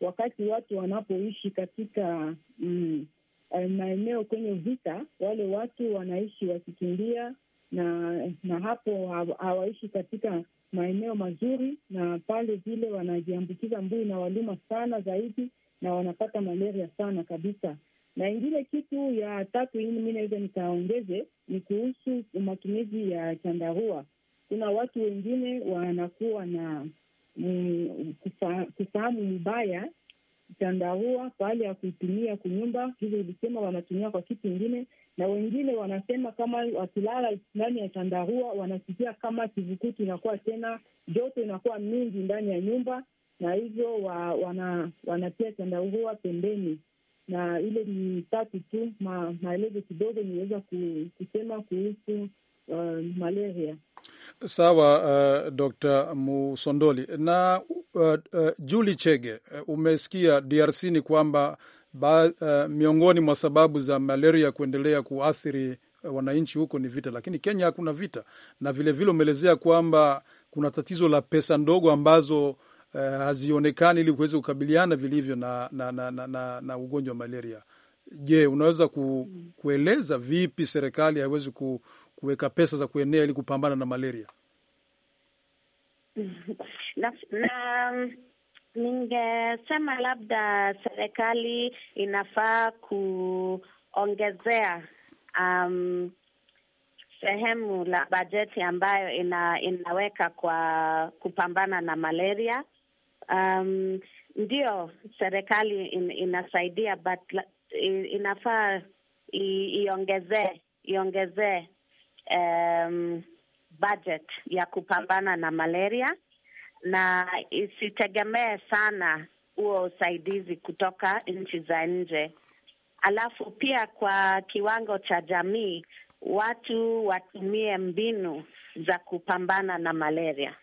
wakati watu wanapoishi katika mm, eh, maeneo kwenye vita, wale watu wanaishi wakikimbia na na hapo hawaishi katika maeneo mazuri, na pale vile wanajiambukiza mbuu na waluma sana zaidi, na wanapata malaria sana kabisa. Na ingine kitu ya tatu ini mi naweza nikaongeze ni kuhusu matumizi ya chandarua. Kuna watu wengine wanakuwa na mm, kufa, kufahamu mbaya chandarua pale ya kuitumia kunyumba, hivyo ilisema wanatumia kwa kitu ingine na wengine wanasema kama wakilala ndani ya chandarua wanasikia kama kivukuti inakuwa tena, joto inakuwa mingi ndani ya nyumba, na hivyo wa, wana wanatia chandarua pembeni. Na ile ni tatu tu ma, maelezo kidogo niweza kusema kuhusu uh, malaria. Sawa, uh, Dr. Musondoli na uh, uh, Juli Chege, uh, umesikia DRC ni kwamba ba, uh, miongoni mwa sababu za malaria kuendelea kuathiri eh, wananchi huko ni vita, lakini Kenya hakuna vita. Na vilevile umeelezea kwamba kuna tatizo la pesa ndogo ambazo uh, hazionekani ili kuweza kukabiliana vilivyo na, na, na, na, na, na ugonjwa wa malaria. Je, unaweza ku, kueleza vipi serikali haiwezi ku, kuweka pesa za kuenea ili kupambana na malaria? na, na Ningesema labda serikali inafaa kuongezea um, sehemu la bajeti ambayo ina, inaweka kwa kupambana na malaria. Um, ndio serikali in, inasaidia but inafaa iongezee iongezee um, budget ya kupambana na malaria na isitegemee sana huo usaidizi kutoka nchi za nje. Alafu pia kwa kiwango cha jamii, watu watumie mbinu za kupambana na malaria.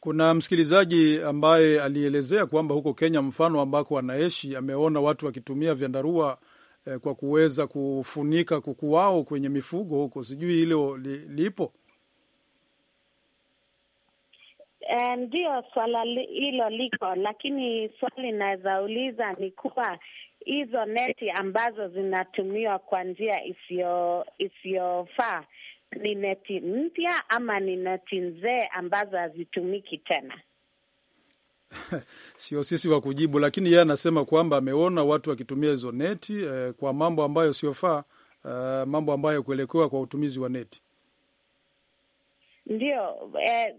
Kuna msikilizaji ambaye alielezea kwamba huko Kenya, mfano ambako anaishi, ameona watu wakitumia vyandarua eh, kwa kuweza kufunika kuku wao kwenye mifugo huko. Sijui hilo li, lipo Eh, Ndiyo, swala hilo liko, lakini swali inaweza uliza ni kuwa hizo neti ambazo zinatumiwa kwa njia isiyofaa ni neti mpya ama ni neti nzee ambazo hazitumiki tena? Sio sisi wa kujibu, lakini yeye anasema kwamba ameona watu wakitumia hizo neti eh, kwa mambo ambayo siyofaa Uh, eh, mambo ambayo kuelekewa kwa utumizi wa neti Ndiyo eh,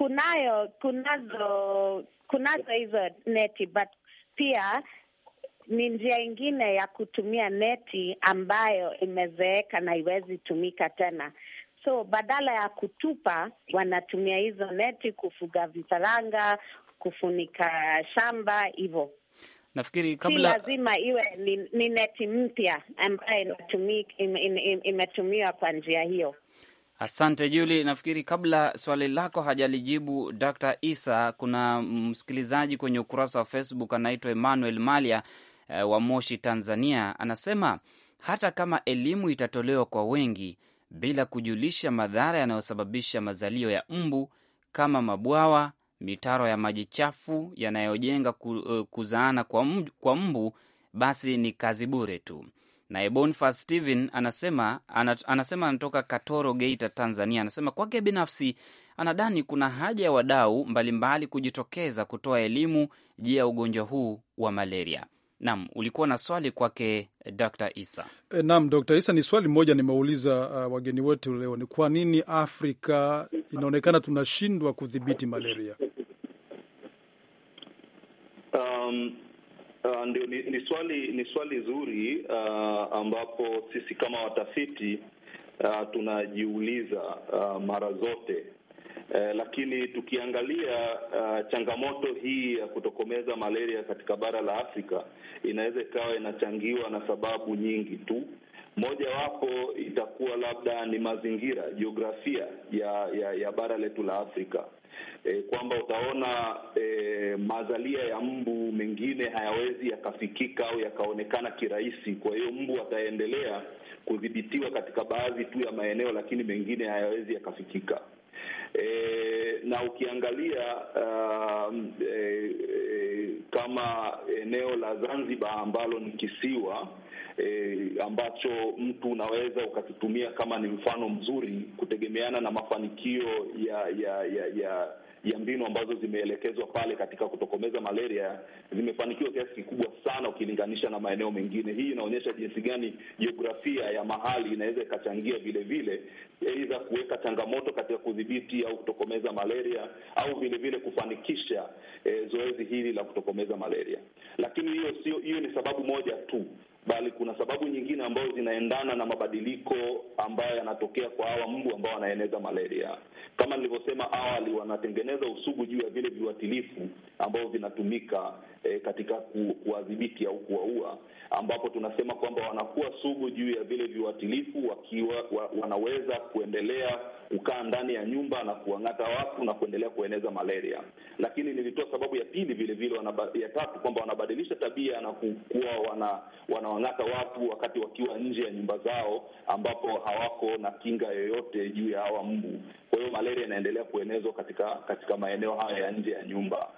kunayo kunazo kunazo hizo neti, but pia ni njia ingine ya kutumia neti ambayo imezeeka na iwezi tumika tena. So badala ya kutupa, wanatumia hizo neti kufuga vifaranga, kufunika shamba hivo Nafikiri kabla... si lazima iwe ni, ni neti mpya ambayo imetumiwa kwa njia hiyo. Asante Juli, nafikiri kabla swali lako hajalijibu Dr Isa, kuna msikilizaji kwenye ukurasa wa Facebook anaitwa Emmanuel Malia eh, wa Moshi, Tanzania, anasema hata kama elimu itatolewa kwa wengi bila kujulisha madhara yanayosababisha mazalio ya mbu kama mabwawa, mitaro ya maji chafu yanayojenga eh, kuzaana kwa mbu, basi ni kazi bure tu. Naye Bonifas Steven anasema anasema anatoka Katoro, Geita, Tanzania. Anasema kwake binafsi anadhani kuna haja ya wadau mbalimbali kujitokeza kutoa elimu juu ya ugonjwa huu wa malaria. Naam, ulikuwa na swali kwake eh, Dr. Isa. Eh, naam, Dr. Isa, ni swali moja nimeuliza uh, wageni wetu leo ni kwa nini Afrika inaonekana tunashindwa kudhibiti malaria? Um, Uh, ndio ni, ni swali ni swali zuri uh, ambapo sisi kama watafiti uh, tunajiuliza uh, mara zote uh, lakini tukiangalia uh, changamoto hii ya kutokomeza malaria katika bara la Afrika inaweza ikawa inachangiwa na sababu nyingi tu. Mojawapo itakuwa labda ni mazingira, jiografia ya, ya, ya bara letu la Afrika e, kwamba utaona e, mazalia ya mbu mengine hayawezi yakafikika au yakaonekana kirahisi. Kwa hiyo mbu ataendelea kudhibitiwa katika baadhi tu ya maeneo, lakini mengine hayawezi yakafikika. E, na ukiangalia um, e, e, kama eneo la Zanzibar ambalo ni kisiwa e, ambacho mtu unaweza ukakitumia kama ni mfano mzuri kutegemeana na mafanikio ya ya ya ya ya mbinu ambazo zimeelekezwa pale katika kutokomeza malaria zimefanikiwa kiasi kikubwa sana ukilinganisha na maeneo mengine. Hii inaonyesha jinsi gani jiografia ya mahali inaweza ikachangia vile vile, aidha kuweka changamoto katika kudhibiti au kutokomeza malaria au vile vile kufanikisha e, zoezi hili la kutokomeza malaria. Lakini hiyo sio, hiyo ni sababu moja tu bali kuna sababu nyingine ambazo zinaendana na mabadiliko ambayo yanatokea kwa hawa mbu ambao wanaeneza malaria. Kama nilivyosema awali, wanatengeneza usugu juu ya vile viuatilifu ambavyo vinatumika e, katika kuwadhibiti au kuwaua, ambapo tunasema kwamba wanakuwa sugu juu ya vile viuatilifu wakiwa wa, wanaweza kuendelea kukaa ndani ya nyumba na kuwang'ata watu na kuendelea kueneza malaria. Lakini nilitoa sababu ya pili vile vile wanaba, ya tatu kwamba wanabadilisha tabia na kuwa wana wanawang'ata watu wakati wakiwa nje ya nyumba zao, ambapo hawako na kinga yoyote juu ya hawa mbu. Kwa hiyo malaria inaendelea kuenezwa katika katika maeneo haya ya nje ya nyumba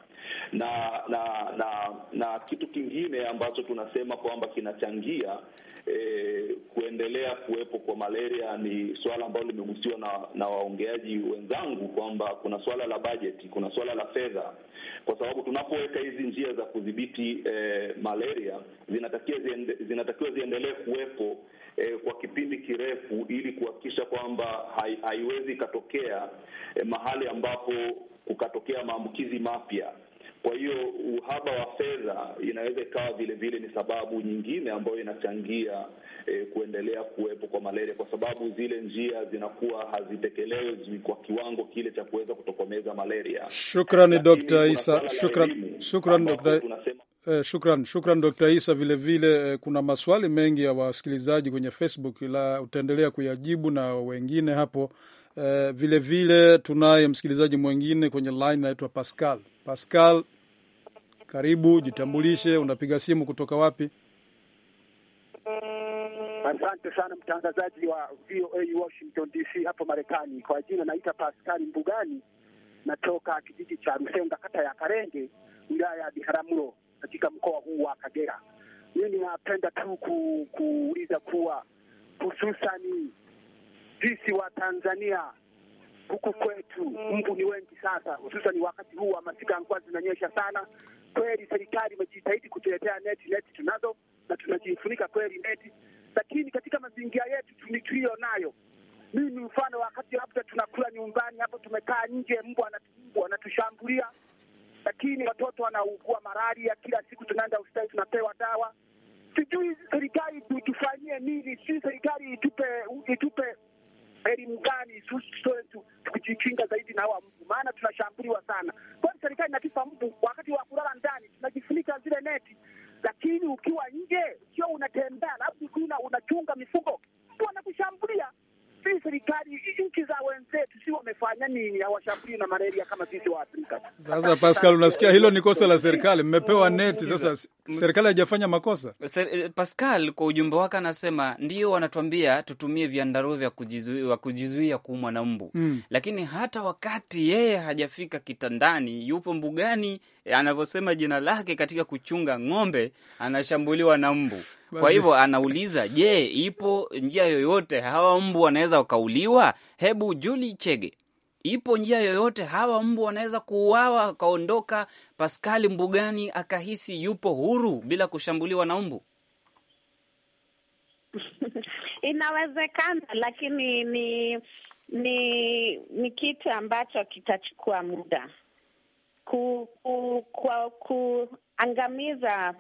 na na na na kitu kingine ambacho tunasema kwamba kinachangia eh, kuendelea kuwepo kwa malaria ni swala ambalo limegusiwa na, na waongeaji wenzangu kwamba kuna swala la bajeti, kuna swala la fedha, kwa sababu tunapoweka hizi njia za kudhibiti eh, malaria zinatakiwa ziende, zinatakiwa ziendelee kuwepo eh, kwa kipindi kirefu ili kuhakikisha kwamba hai, haiwezi ikatokea eh, mahali ambapo kukatokea maambukizi mapya kwa hiyo uhaba wa fedha inaweza ikawa vile vile ni sababu nyingine ambayo inachangia e, kuendelea kuwepo kwa malaria, kwa sababu zile njia zinakuwa hazitekelezwi kwa kiwango kile cha kuweza kutokomeza malaria. Shukrani Dr. Isa, shukran, shukran Dr. Eh, shukran shukran Dr. Isa vilevile vile, eh, kuna maswali mengi ya wasikilizaji kwenye Facebook, ila utaendelea kuyajibu na wengine hapo Vilevile eh, vile, tunaye msikilizaji mwingine kwenye line anaitwa Pascal. Pascal, karibu, jitambulishe, unapiga simu kutoka wapi? Asante sana mtangazaji wa VOA Washington DC, hapo Marekani. Kwa jina naita Pascal Mbugani, natoka kijiji cha Rusenga, kata ya Karenge, wilaya ya Biharamulo, katika mkoa huu wa Kagera. Mimi ninapenda tu kuuliza kuwa hususani sisi wa Tanzania huku kwetu mbu ni wengi sasa, hususan wakati huu wa masika, mvua zinanyesha sana. Kweli serikali imejitahidi kutuletea neti, neti tunazo na tunajifunika kweli neti, lakini katika mazingira yetu tuliyo nayo, mimi mfano, wakati labda tunakula nyumbani hapo, tumekaa nje, mbu anatushambulia, lakini watoto wanaugua malaria kila siku, tunaenda hospitali tunapewa dawa. Sijui serikali tufanyie nini, sijui serikali itupe itupe elimu gani tuwe tukijikinga zaidi na hawa mbu, maana tunashambuliwa sana. Kwani serikali inatupa mbu wakati wa kulala ndani, tunajifunika zile neti, lakini ukiwa nje sio unatembea, labda una unachunga mifugo, mtu anakushambulia sisi serikali, nchi za wenzetu si wamefanya nini? Hawashambulii na malaria kama sisi wa Afrika. Sasa Pascal, unasikia hilo ni kosa la serikali, mmepewa neti. Sasa serikali haijafanya makosa. Eh, Pascal kwa ujumbe wake anasema ndio wanatuambia tutumie vyandarua vya kujizuia kujizuia kuumwa na mbu hmm. lakini hata wakati yeye hajafika kitandani, yupo mbugani eh, anavyosema jina lake katika kuchunga ng'ombe, anashambuliwa na mbu. Kwa hivyo anauliza, je, ipo njia yoyote hawa mbu wanaweza wakauliwa? Hebu Juli Chege, ipo njia yoyote hawa mbu wanaweza kuuawa, akaondoka Paskali mbugani akahisi yupo huru bila kushambuliwa na mbu? Inawezekana, lakini ni ni ni kitu ambacho kitachukua muda ku, ku, ku, kuangamiza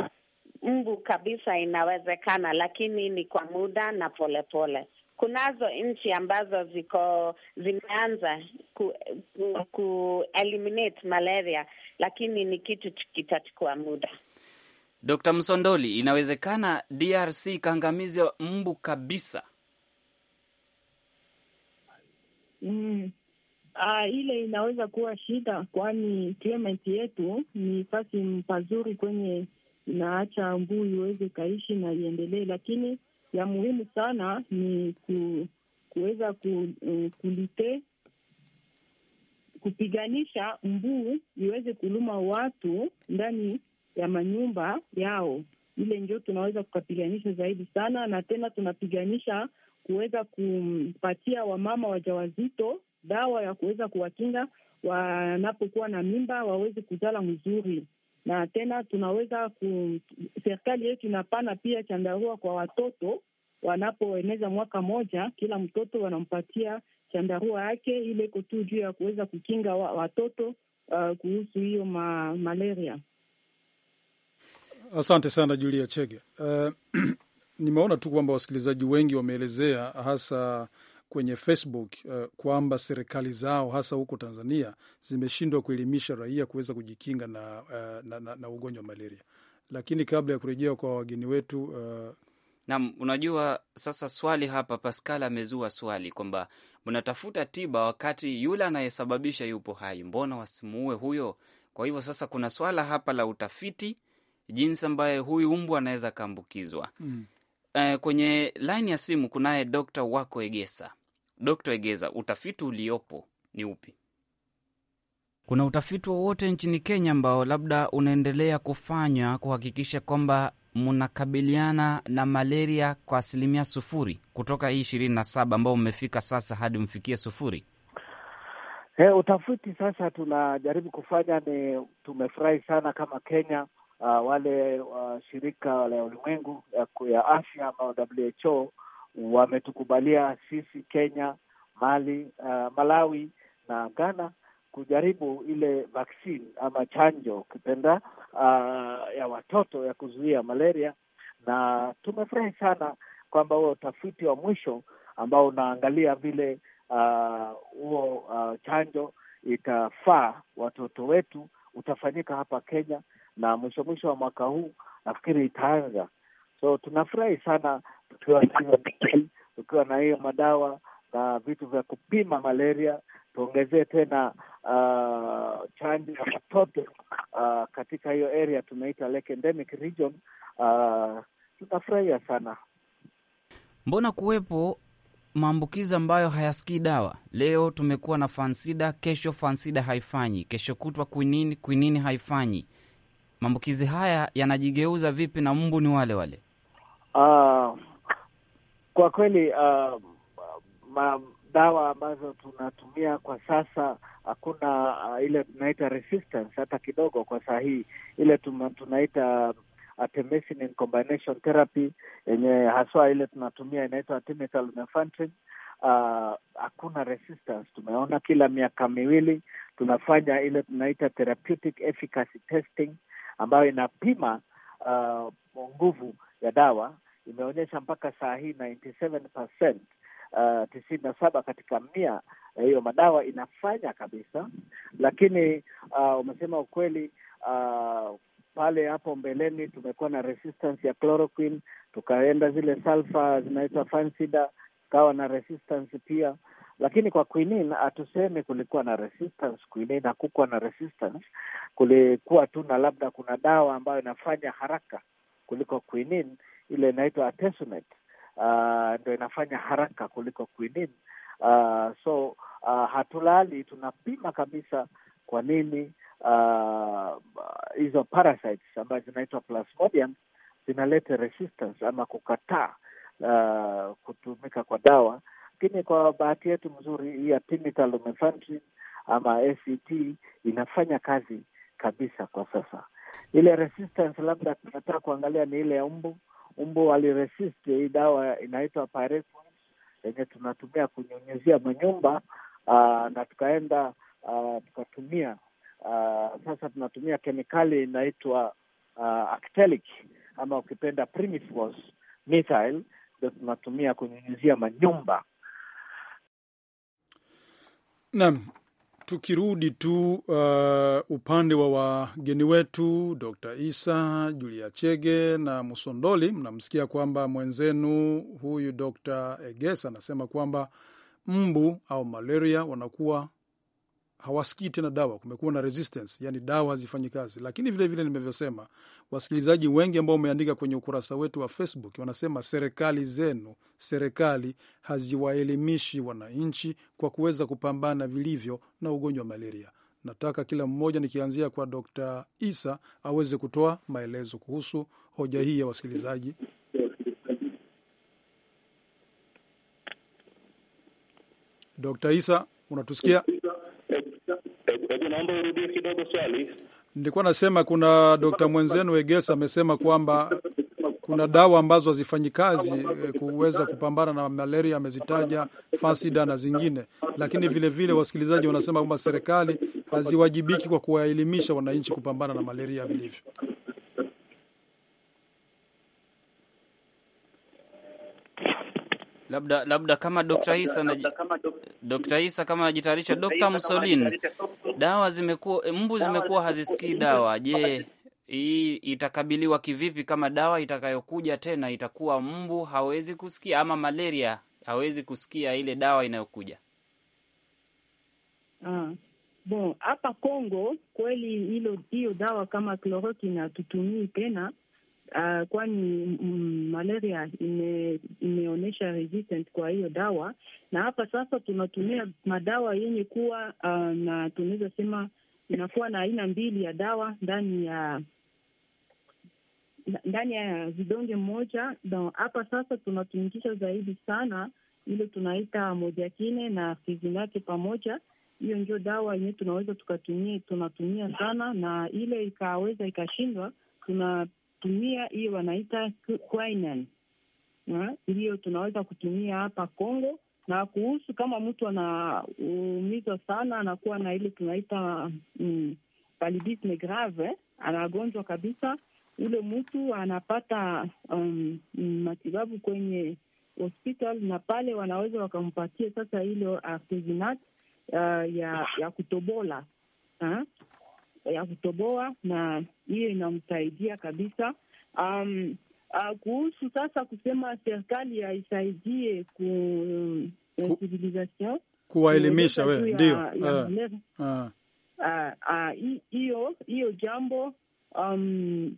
mbu kabisa inawezekana, lakini ni kwa muda na polepole pole. Kunazo nchi ambazo ziko zimeanza ku, ku, ku eliminate malaria, lakini ni kitu kitachukua muda. Dr. Msondoli, inawezekana DRC ikaangamiza mbu kabisa? Mm. Ah, ile inaweza kuwa shida, kwani climate yetu ni fasi mpazuri kwenye inaacha mbuu iweze ikaishi na iendelee, lakini ya muhimu sana ni ku, kuweza ku, um, kulite kupiganisha mbuu iweze kuluma watu ndani ya manyumba yao. Ile ndio tunaweza kukapiganisha zaidi sana, na tena tunapiganisha kuweza kumpatia wamama wajawazito dawa ya kuweza kuwakinga wanapokuwa na mimba waweze kuzala mzuri na tena tunaweza ku, serikali yetu inapana pia chandarua kwa watoto wanapoeneza mwaka moja, kila mtoto wanampatia chandarua yake. Ile iko tu juu ya kuweza kukinga wa, watoto uh, kuhusu hiyo ma, malaria. Asante sana Julia Chege. Uh, nimeona tu kwamba wasikilizaji wengi wameelezea hasa kwenye Facebook uh, kwamba serikali zao hasa huko Tanzania zimeshindwa kuelimisha raia kuweza kujikinga na, uh, na, na, na ugonjwa wa malaria. Lakini kabla ya kurejea kwa wageni wetu uh... Eh, nam, unajua sasa swali hapa, Pascal amezua swali kwamba mnatafuta tiba wakati yule anayesababisha yupo hai, mbona wasimuue huyo? Kwa hivyo sasa kuna swala hapa la utafiti, jinsi ambayo huyu mbwa anaweza akaambukizwa mm. Uh, kwenye laini ya simu kunaye Dr. Wako Egesa Dkt. Egeza, utafiti uliopo ni upi? Kuna utafiti wowote nchini Kenya ambao labda unaendelea kufanywa kuhakikisha kwamba mnakabiliana na malaria kwa asilimia sufuri kutoka hii ishirini na saba ambao mmefika sasa hadi mfikie sufuri? E, utafiti sasa tunajaribu kufanya ni, tumefurahi sana kama Kenya uh, wale uh, shirika la ulimwengu ya, eh, ya afya ambao WHO wametukubalia sisi Kenya, Mali, uh, Malawi na Ghana kujaribu ile vaccine ama chanjo ukipenda, uh, ya watoto ya kuzuia malaria, na tumefurahi sana kwamba huo utafiti wa mwisho ambao unaangalia vile uh, huo uh, uh, chanjo itafaa watoto wetu utafanyika hapa Kenya, na mwisho mwisho wa mwaka huu nafikiri itaanza So tunafurahi sana tukiwa na hiyo tukiwa na hiyo madawa na vitu vya kupima malaria. Tuongezee tena uh, chanjo ya watoto uh, katika hiyo area tunaita Lake Endemic Region. Uh, tunafurahia sana. Mbona kuwepo maambukizi ambayo hayasikii dawa? Leo tumekuwa na fansida, kesho fansida haifanyi, kesho kutwa kwinini, kwinini haifanyi. Maambukizi haya yanajigeuza vipi na mbu ni wale wale? Uh, kwa kweli uh, dawa ambazo tunatumia kwa sasa hakuna uh, ile tunaita resistance hata kidogo kwa saa hii, ile tunaita artemisinin combination therapy yenye haswa ile tunatumia inaitwa Uh, hakuna resistance. Tumeona kila miaka miwili tunafanya ile tunaita therapeutic efficacy testing ambayo inapima Uh, nguvu ya dawa imeonyesha mpaka saa hii 97% uh, tisini na saba katika mia eh, hiyo madawa inafanya kabisa, lakini uh, umesema ukweli uh, pale hapo mbeleni tumekuwa na resistance ya chloroquine, tukaenda zile sulfa zinaitwa fansida, tukawa na resistance pia lakini kwa quinine hatusemi ah, kulikuwa na resistance. Quinine hakukuwa na resistance, kulikuwa tu na labda kuna dawa ambayo inafanya haraka kuliko quinine, ile inaitwa artesunate uh, ndo inafanya haraka kuliko quinine uh, so uh, hatulali, tunapima kabisa kwa nini hizo uh, parasites ambayo zinaitwa plasmodium zinaleta resistance ama kukataa uh, kutumika kwa dawa lakini kwa bahati yetu mzuri, hii ya clinical ama ACT inafanya kazi kabisa kwa sasa. Ile resistance labda tunataka kuangalia ni ile ya mbu. Mbu aliresist hii dawa inaitwa yenye tunatumia kunyunyizia manyumba aa, ah, na tukaenda ah, tukatumia ah, sasa tunatumia kemikali inaitwa actelic ama ukipenda primifos methyl, ndio tunatumia kunyunyizia manyumba Naam, tukirudi tu uh, upande wa wageni wetu Dr. Isa Julia Chege na Musondoli, mnamsikia kwamba mwenzenu huyu Dr. Egesa anasema kwamba mbu au malaria wanakuwa hawasikii tena dawa, kumekuwa na resistance, yani dawa hazifanyi kazi. Lakini vilevile nimevyosema, wasikilizaji wengi ambao wameandika kwenye ukurasa wetu wa Facebook wanasema serikali zenu, serikali haziwaelimishi wananchi kwa kuweza kupambana vilivyo na ugonjwa wa malaria. Nataka kila mmoja, nikianzia kwa Dr. Isa aweze kutoa maelezo kuhusu hoja hii ya wasikilizaji. Dr. Isa, unatusikia? Msikilizaji, naomba urudie kidogo swali. Nilikuwa nasema kuna dokta mwenzenu Egesa amesema kwamba kuna dawa ambazo hazifanyi kazi eh, kuweza kupambana na malaria, amezitaja Fasida na zingine, lakini vilevile vile wasikilizaji wanasema kwamba serikali haziwajibiki kwa kuwaelimisha wananchi kupambana na malaria vilivyo. Labda labda kama Dr. Isa, Isa kama anajitayarisha Dr. Musolin dawa zimekuwa eh, mbu zimekuwa hazisikii dawa. Je, hii itakabiliwa kivipi? Kama dawa itakayokuja tena itakuwa mbu hawezi kusikia, ama malaria hawezi kusikia ile dawa inayokuja? Ah, bon, hapa Kongo kweli hilo hiyo dawa kama kloroki hatutumii tena uh, kwani mm, malaria ime, imeonyesha resistant kwa hiyo dawa, na hapa sasa tunatumia madawa yenye kuwa uh, na tunaweza sema inakuwa na aina mbili ya dawa ndani ya ndani ya vidonge mmoja. Hapa sasa tunatungisha zaidi sana ile tunaita mojakine na fizinake pamoja. Hiyo ndio dawa yenyewe tunaweza tukatumia, tunatumia sana, na ile ikaweza ikashindwa, tuna kutumia hiyo wanaita quinine ndiyo tunaweza kutumia hapa Kongo. Na kuhusu kama mtu anaumizwa sana, anakuwa na ile tunaita mm, paludisme grave, anagonjwa kabisa, ule mtu anapata um, matibabu kwenye hospital, na pale wanaweza wakampatia sasa ile artesinat uh, ya ya kutobola ha? ya kutoboa, na hiyo inamsaidia kabisa. Um, uh, kuhusu sasa kusema serikali haisaidie ku, eh, ku, kuwaelimisha we ndio ah, ah. Ah, hiyo hiyo jambo um,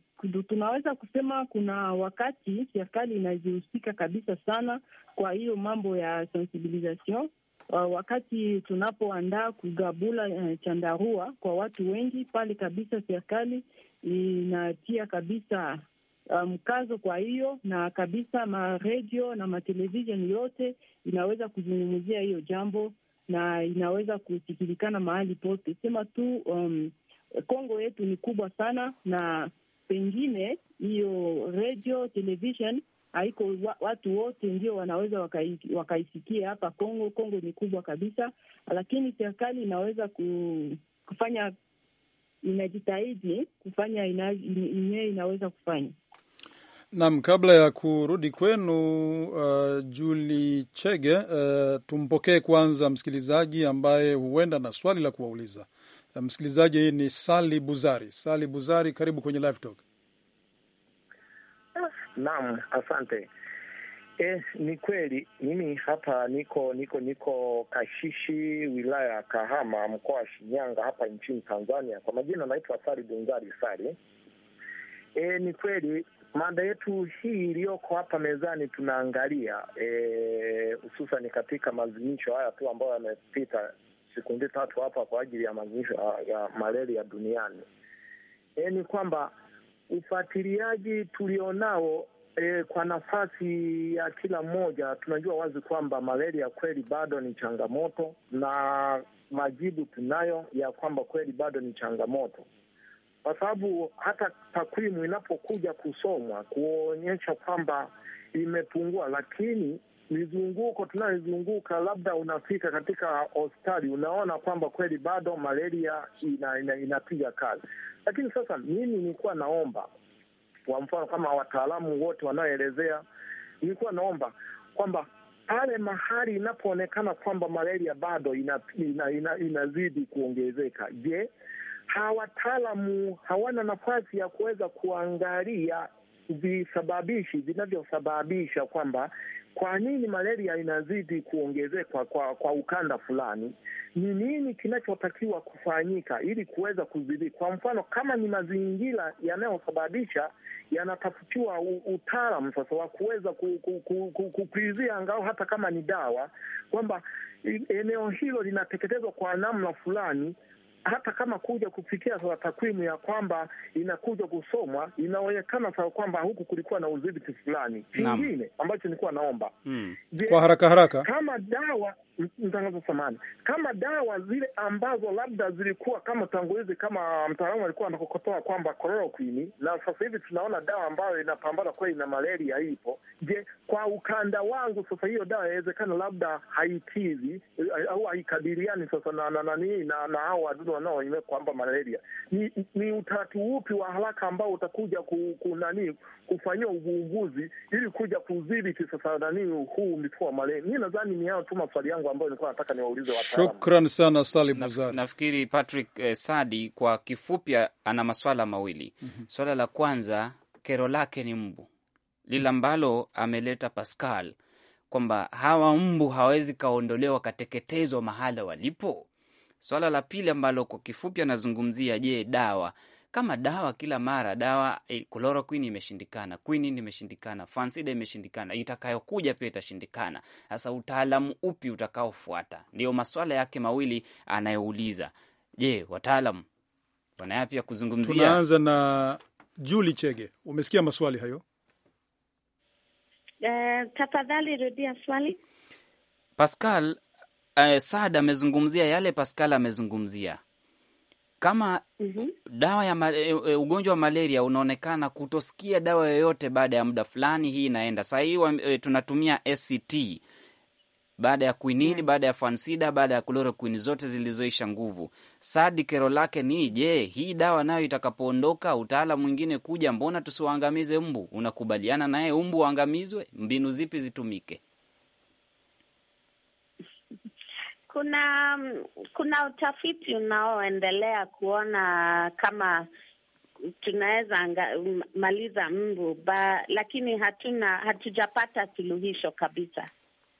tunaweza kusema kuna wakati serikali inajihusika kabisa sana kwa hiyo mambo ya sensibilization Uh, wakati tunapoandaa kugabula uh, chandarua kwa watu wengi pale kabisa, serikali inatia kabisa uh, mkazo um, kwa hiyo na kabisa maredio na matelevishen yote inaweza kuzungumzia hiyo jambo na inaweza kusikilikana mahali pote. Sema tu um, Kongo yetu ni kubwa sana, na pengine hiyo redio television haiko wa, watu wote ndio wanaweza wakaifikia waka hapa Kongo. Kongo ni kubwa kabisa, lakini serikali inaweza kufanya, inajitahidi kufanya yenyewe inaweza kufanya Nam, kabla ya kurudi kwenu uh, Juli Chege, uh, tumpokee kwanza msikilizaji ambaye huenda na swali la kuwauliza. Uh, msikilizaji hii ni Sali Buzari. Sali Buzari, karibu kwenye Live Talk. Naam, asante. E, ni kweli mimi hapa niko niko niko Kashishi, wilaya ya Kahama, mkoa wa Shinyanga, hapa nchini Tanzania. Kwa majina naitwa Sari Bunzari Sari. E, ni kweli mada yetu hii iliyoko hapa mezani tunaangalia e, hususan e, katika maadhimisho haya tu ambayo yamepita siku mbili tatu hapa kwa ajili ya maadhimisho ya malaria duniani. E, ni kwamba ufuatiliaji tulionao E, kwa nafasi ya kila mmoja tunajua wazi kwamba malaria kweli bado ni changamoto, na majibu tunayo ya kwamba kweli bado ni changamoto, kwa sababu hata takwimu inapokuja kusomwa kuonyesha kwamba imepungua, lakini mizunguko tunayoizunguka, labda unafika katika hospitali unaona kwamba kweli bado malaria inapiga ina, ina kazi. Lakini sasa mimi nilikuwa naomba kwa mfano kama wataalamu wote wanaoelezea, nilikuwa naomba kwamba pale mahali inapoonekana kwamba malaria bado inazidi ina, ina, ina kuongezeka, je, hawataalamu hawana nafasi ya kuweza kuangalia visababishi vinavyosababisha kwamba kwa nini malaria inazidi kuongezeka kwa, kwa ukanda fulani? Ni nini kinachotakiwa kufanyika ili kuweza kudhibiti? Kwa mfano, kama ni mazingira yanayosababisha, yanatafutiwa utaalamu sasa wa kuweza kupulizia, ngao hata kama ni dawa, kwamba eneo hilo linateketezwa kwa namna fulani hata kama kuja kufikia sasa takwimu ya kwamba inakuja kusomwa, inaonekana sawa kwamba huku kulikuwa na udhibiti fulani. Kingine ambacho nilikuwa naomba hmm. Je, kwa haraka haraka, kama dawa mtangazo samani, kama dawa zile ambazo labda zilikuwa kama tangulizi, kama mtaalamu alikuwa anakokotoa kwamba chloroquine, na sasa hivi tunaona dawa ambayo inapambana kweli na malaria ipo. Je, kwa ukanda wangu sasa hiyo dawa inawezekana labda haitizi au haikadiriani sasa na nanii na hao wadudu wanaoimea kwamba malaria ni, ni utatu upi wa haraka ambao utakuja kunani kufanyia uvumbuzi ili kuja kudhibiti sasa nani huu mifua malaria. Mi nadhani ni hao tu maswali yangu ambayo nilikuwa nataka niwaulize wataalamu. Shukran sana Salim Muzari. Nafikiri Patrick eh, Sadi kwa kifupi ana maswala mawili mm -hmm. Swala la kwanza kero lake ni mbu lile ambalo ameleta Pascal kwamba hawa mbu hawezi kaondolewa, kateketezwa mahala walipo Swala la pili ambalo kwa kifupi anazungumzia, je, dawa kama dawa kila mara dawa eh, chloroquine imeshindikana, quinine imeshindikana, fansida imeshindikana, itakayokuja pia itashindikana. Sasa utaalamu upi utakaofuata? Ndio maswala yake mawili anayouliza. Je, wataalamu wanayapya kuzungumzia? Tunaanza na Juli Chege, umesikia maswali hayo? Uh, tafadhali rudia swali Pascal eh, Sad amezungumzia yale Pascal amezungumzia kama mm -hmm. dawa ya e, ugonjwa wa malaria unaonekana kutosikia dawa yoyote baada ya muda fulani, hii inaenda saa hii e, tunatumia SCT baada ya quinini mm -hmm. baada ya fansida baada ya chloroquine zote zilizoisha nguvu. Sadi, kero lake ni je, hii dawa nayo itakapoondoka, utaalam mwingine kuja, mbona tusiwaangamize mbu? Unakubaliana naye, umbu waangamizwe? Mbinu zipi zitumike? kuna kuna utafiti unaoendelea kuona kama tunaweza maliza mbu ba, lakini hatuna hatujapata suluhisho kabisa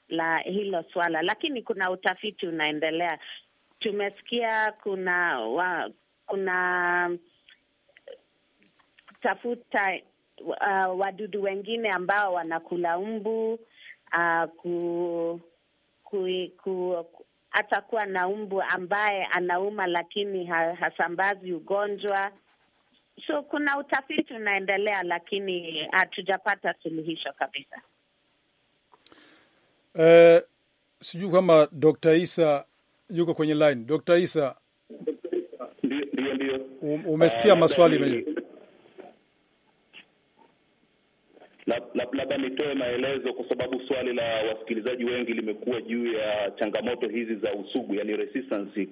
la hilo swala, lakini kuna utafiti unaendelea. Tumesikia kuna wa, kuna tafuta uh, wadudu wengine ambao wanakula mbu uh, ku, ku, ku, ku, atakuwa na mbu ambaye anauma lakini hasambazi ugonjwa. So kuna utafiti unaendelea, lakini hatujapata suluhisho kabisa. Eh, sijui kama Dr. Isa yuko kwenye line. Dr. Isa, um, umesikia eh, maswali menyewe? Labda nitoe maelezo kwa sababu swali la wasikilizaji wengi limekuwa juu ya changamoto hizi za usugu, yani resistance,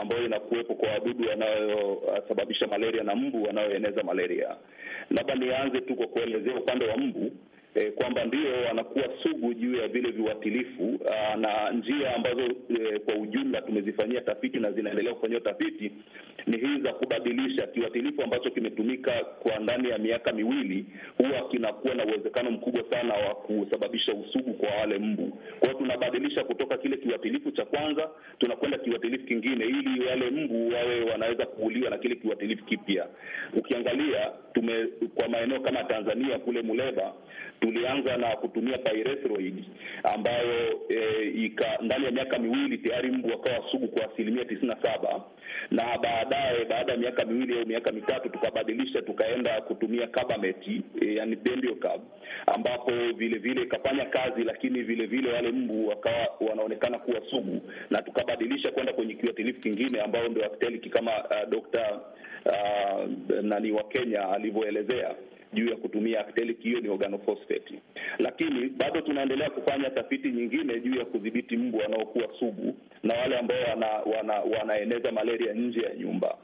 ambayo inakuwepo kwa wadudu wanayosababisha malaria na mbu wanayoeneza malaria. Labda nianze tu kwa kuelezea upande wa mbu e, kwamba ndio wanakuwa sugu juu ya vile viwatilifu ah, na njia ambazo e, kwa ujumla tumezifanyia tafiti na zinaendelea kufanyiwa tafiti ni hii za kubadilisha kiwatilifu ambacho kimetumika kwa ndani ya miaka miwili, huwa kinakuwa na uwezekano mkubwa sana wa kusababisha usugu kwa wale mbu. Kwa hiyo tunabadilisha kutoka kile kiwatilifu cha kwanza tunakwenda kiwatilifu kingine, ili wale mbu wawe wanaweza kuuliwa na kile kiwatilifu kipya. Ukiangalia tume, kwa maeneo kama Tanzania kule Muleba tulianza na kutumia pyrethroid ambayo e, ika, ndani ya miaka miwili tayari mbu wakawa sugu kwa asilimia tisini na saba na baadaye, baada ya miaka miwili au miaka mitatu tukabadilisha tukaenda kutumia kabameti e, eh, yani bendiocab, ambapo vile vile ikafanya kazi, lakini vile vile wale mbu wakawa wanaonekana kuwa sugu, na tukabadilisha kwenda kwenye kiuatilifu kingine ambayo ndio akteliki kama uh, dokta uh, nani wa Kenya alivyoelezea juu ya kutumia actellic, hiyo ni organophosphate. Lakini bado tunaendelea kufanya tafiti nyingine juu ya kudhibiti mbu wanaokuwa sugu na wale ambao wana, wana, wanaeneza malaria nje ya nyumba.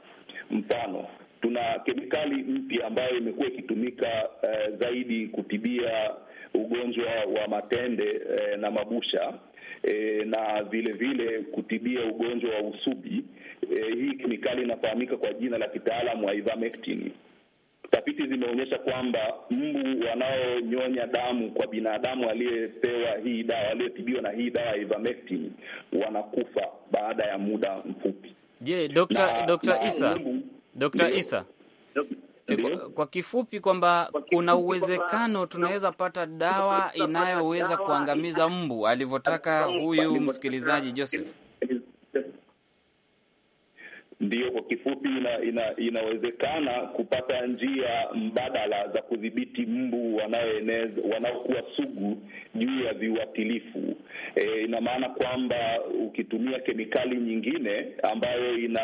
Mfano, tuna kemikali mpya ambayo imekuwa ikitumika eh, zaidi kutibia ugonjwa wa matende eh, na mabusha E, na vile vile kutibia ugonjwa wa usubi E, hii kemikali inafahamika kwa jina la kitaalamu ivermectin tafiti zimeonyesha kwamba mbu wanaonyonya damu kwa binadamu aliyepewa hii dawa, aliyetibiwa na hii dawa ya ivermectin wanakufa baada ya muda mfupi. Je, Dr. Dr. Isa, Dr. Isa kwa, kwa kifupi kwamba kuna uwezekano tunaweza pata dawa inayoweza kuangamiza mbu alivyotaka huyu msikilizaji Joseph ndiyo kwa kifupi, ina, ina, inawezekana kupata njia mbadala za kudhibiti mbu wanaoeneza wanaokuwa sugu juu ya viuatilifu. E, ina maana kwamba ukitumia kemikali nyingine ambayo ina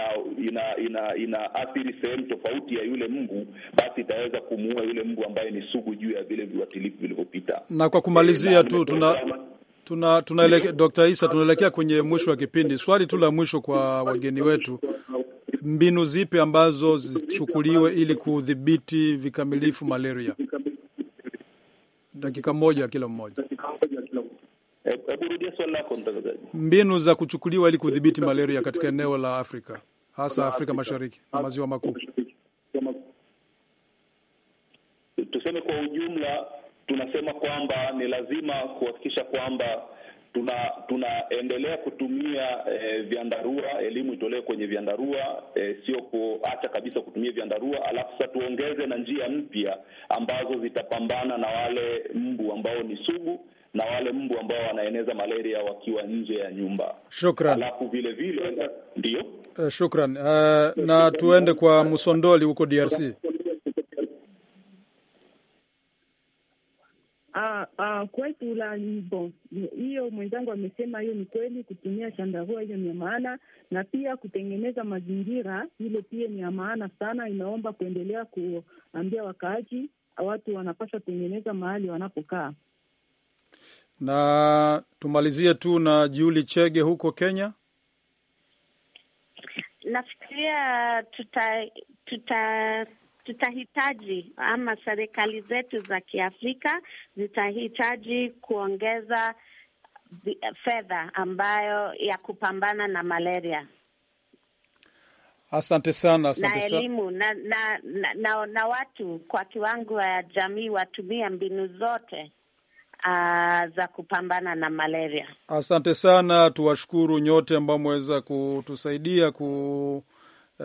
ina ina sehemu tofauti ya yule mbu, basi itaweza kumuua yule mbu ambaye ni sugu juu ya vile viuatilifu vilivyopita. Na kwa kumalizia e, tu tuna tuna tunaelekea Dr. Isa, tunaelekea kwenye mwisho wa kipindi. Swali tu la mwisho kwa wageni wetu, mbinu zipi ambazo zichukuliwe ili kudhibiti vikamilifu malaria? Dakika moja kila mmoja. Mbinu za kuchukuliwa ili kudhibiti malaria katika eneo la Afrika, hasa Afrika Mashariki na maziwa makuu. Tuseme kwa ujumla, tunasema kwamba ni lazima kuhakikisha kwamba tuna tunaendelea kutumia e, vyandarua, elimu itolewe kwenye vyandarua e, sio kuacha kabisa kutumia vyandarua, alafu sasa tuongeze na njia mpya ambazo zitapambana na wale mbu ambao ni sugu na wale mbu ambao wanaeneza malaria wakiwa nje ya nyumba. Shukran. Alafu vile vile ndio, uh, shukran. Uh, na tuende kwa Musondoli huko DRC. Ah, ah, kwetu la bon, hiyo mwenzangu amesema hiyo ni kweli. Kutumia chandarua hiyo ni ya maana, na pia kutengeneza mazingira hilo pia ni ya maana sana. Inaomba kuendelea kuambia wakaaji, watu wanapaswa kutengeneza mahali wanapokaa. Na tumalizie tu na Juli Chege huko Kenya. Nafikiria tuta tuta tutahitaji ama serikali zetu za Kiafrika zitahitaji kuongeza fedha ambayo ya kupambana na malaria. Asante sana, asante Na elimu na na, na, na na watu kwa kiwango ya jamii watumia mbinu zote Uh, za kupambana na malaria. Asante sana, tuwashukuru nyote ambao mweza kutusaidia ku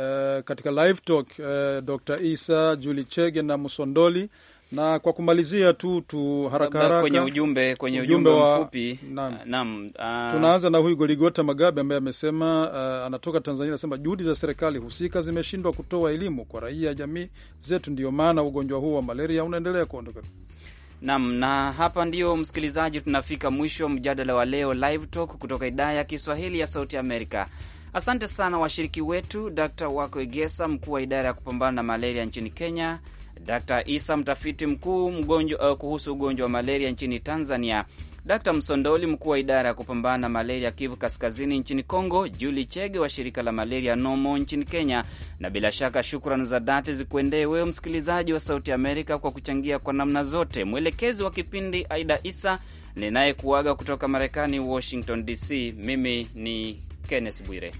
Eh, katika live talk eh, Dr. Isa Juli Chege na Musondoli na kwa kumalizia tu tu haraka haraka kwenye ujumbe, kwenye ujumbe, ujumbe mfupi naam, uh, tunaanza na huyu Goligota Magabe ambaye amesema uh, anatoka Tanzania, anasema juhudi za serikali husika zimeshindwa kutoa elimu kwa raia jamii zetu, ndiyo maana ugonjwa huu wa malaria unaendelea kuondoka. Naam, na hapa ndio msikilizaji, tunafika mwisho mjadala wa leo Live Talk kutoka idhaa ya Kiswahili ya Sauti Amerika. Asante sana washiriki wetu, Dr Egesa, mkuu wa idara ya kupambana na malaria nchini Kenya, Dr Isa, mtafiti mkuu mgonjwa, uh, kuhusu ugonjwa wa malaria nchini Tanzania, Dr Msondoli, mkuu wa idara ya kupambana na malaria Kivu Kaskazini nchini Congo, Juli Chege wa shirika la malaria Nomo nchini Kenya. Na bila shaka shukrani za dhati zikuendee wewe msikilizaji wa Sauti Amerika kwa kuchangia kwa namna zote. Mwelekezi wa kipindi Aida Isa, ninayekuaga kutoka Marekani, Washington DC. Mimi ni Kenneth Bwire.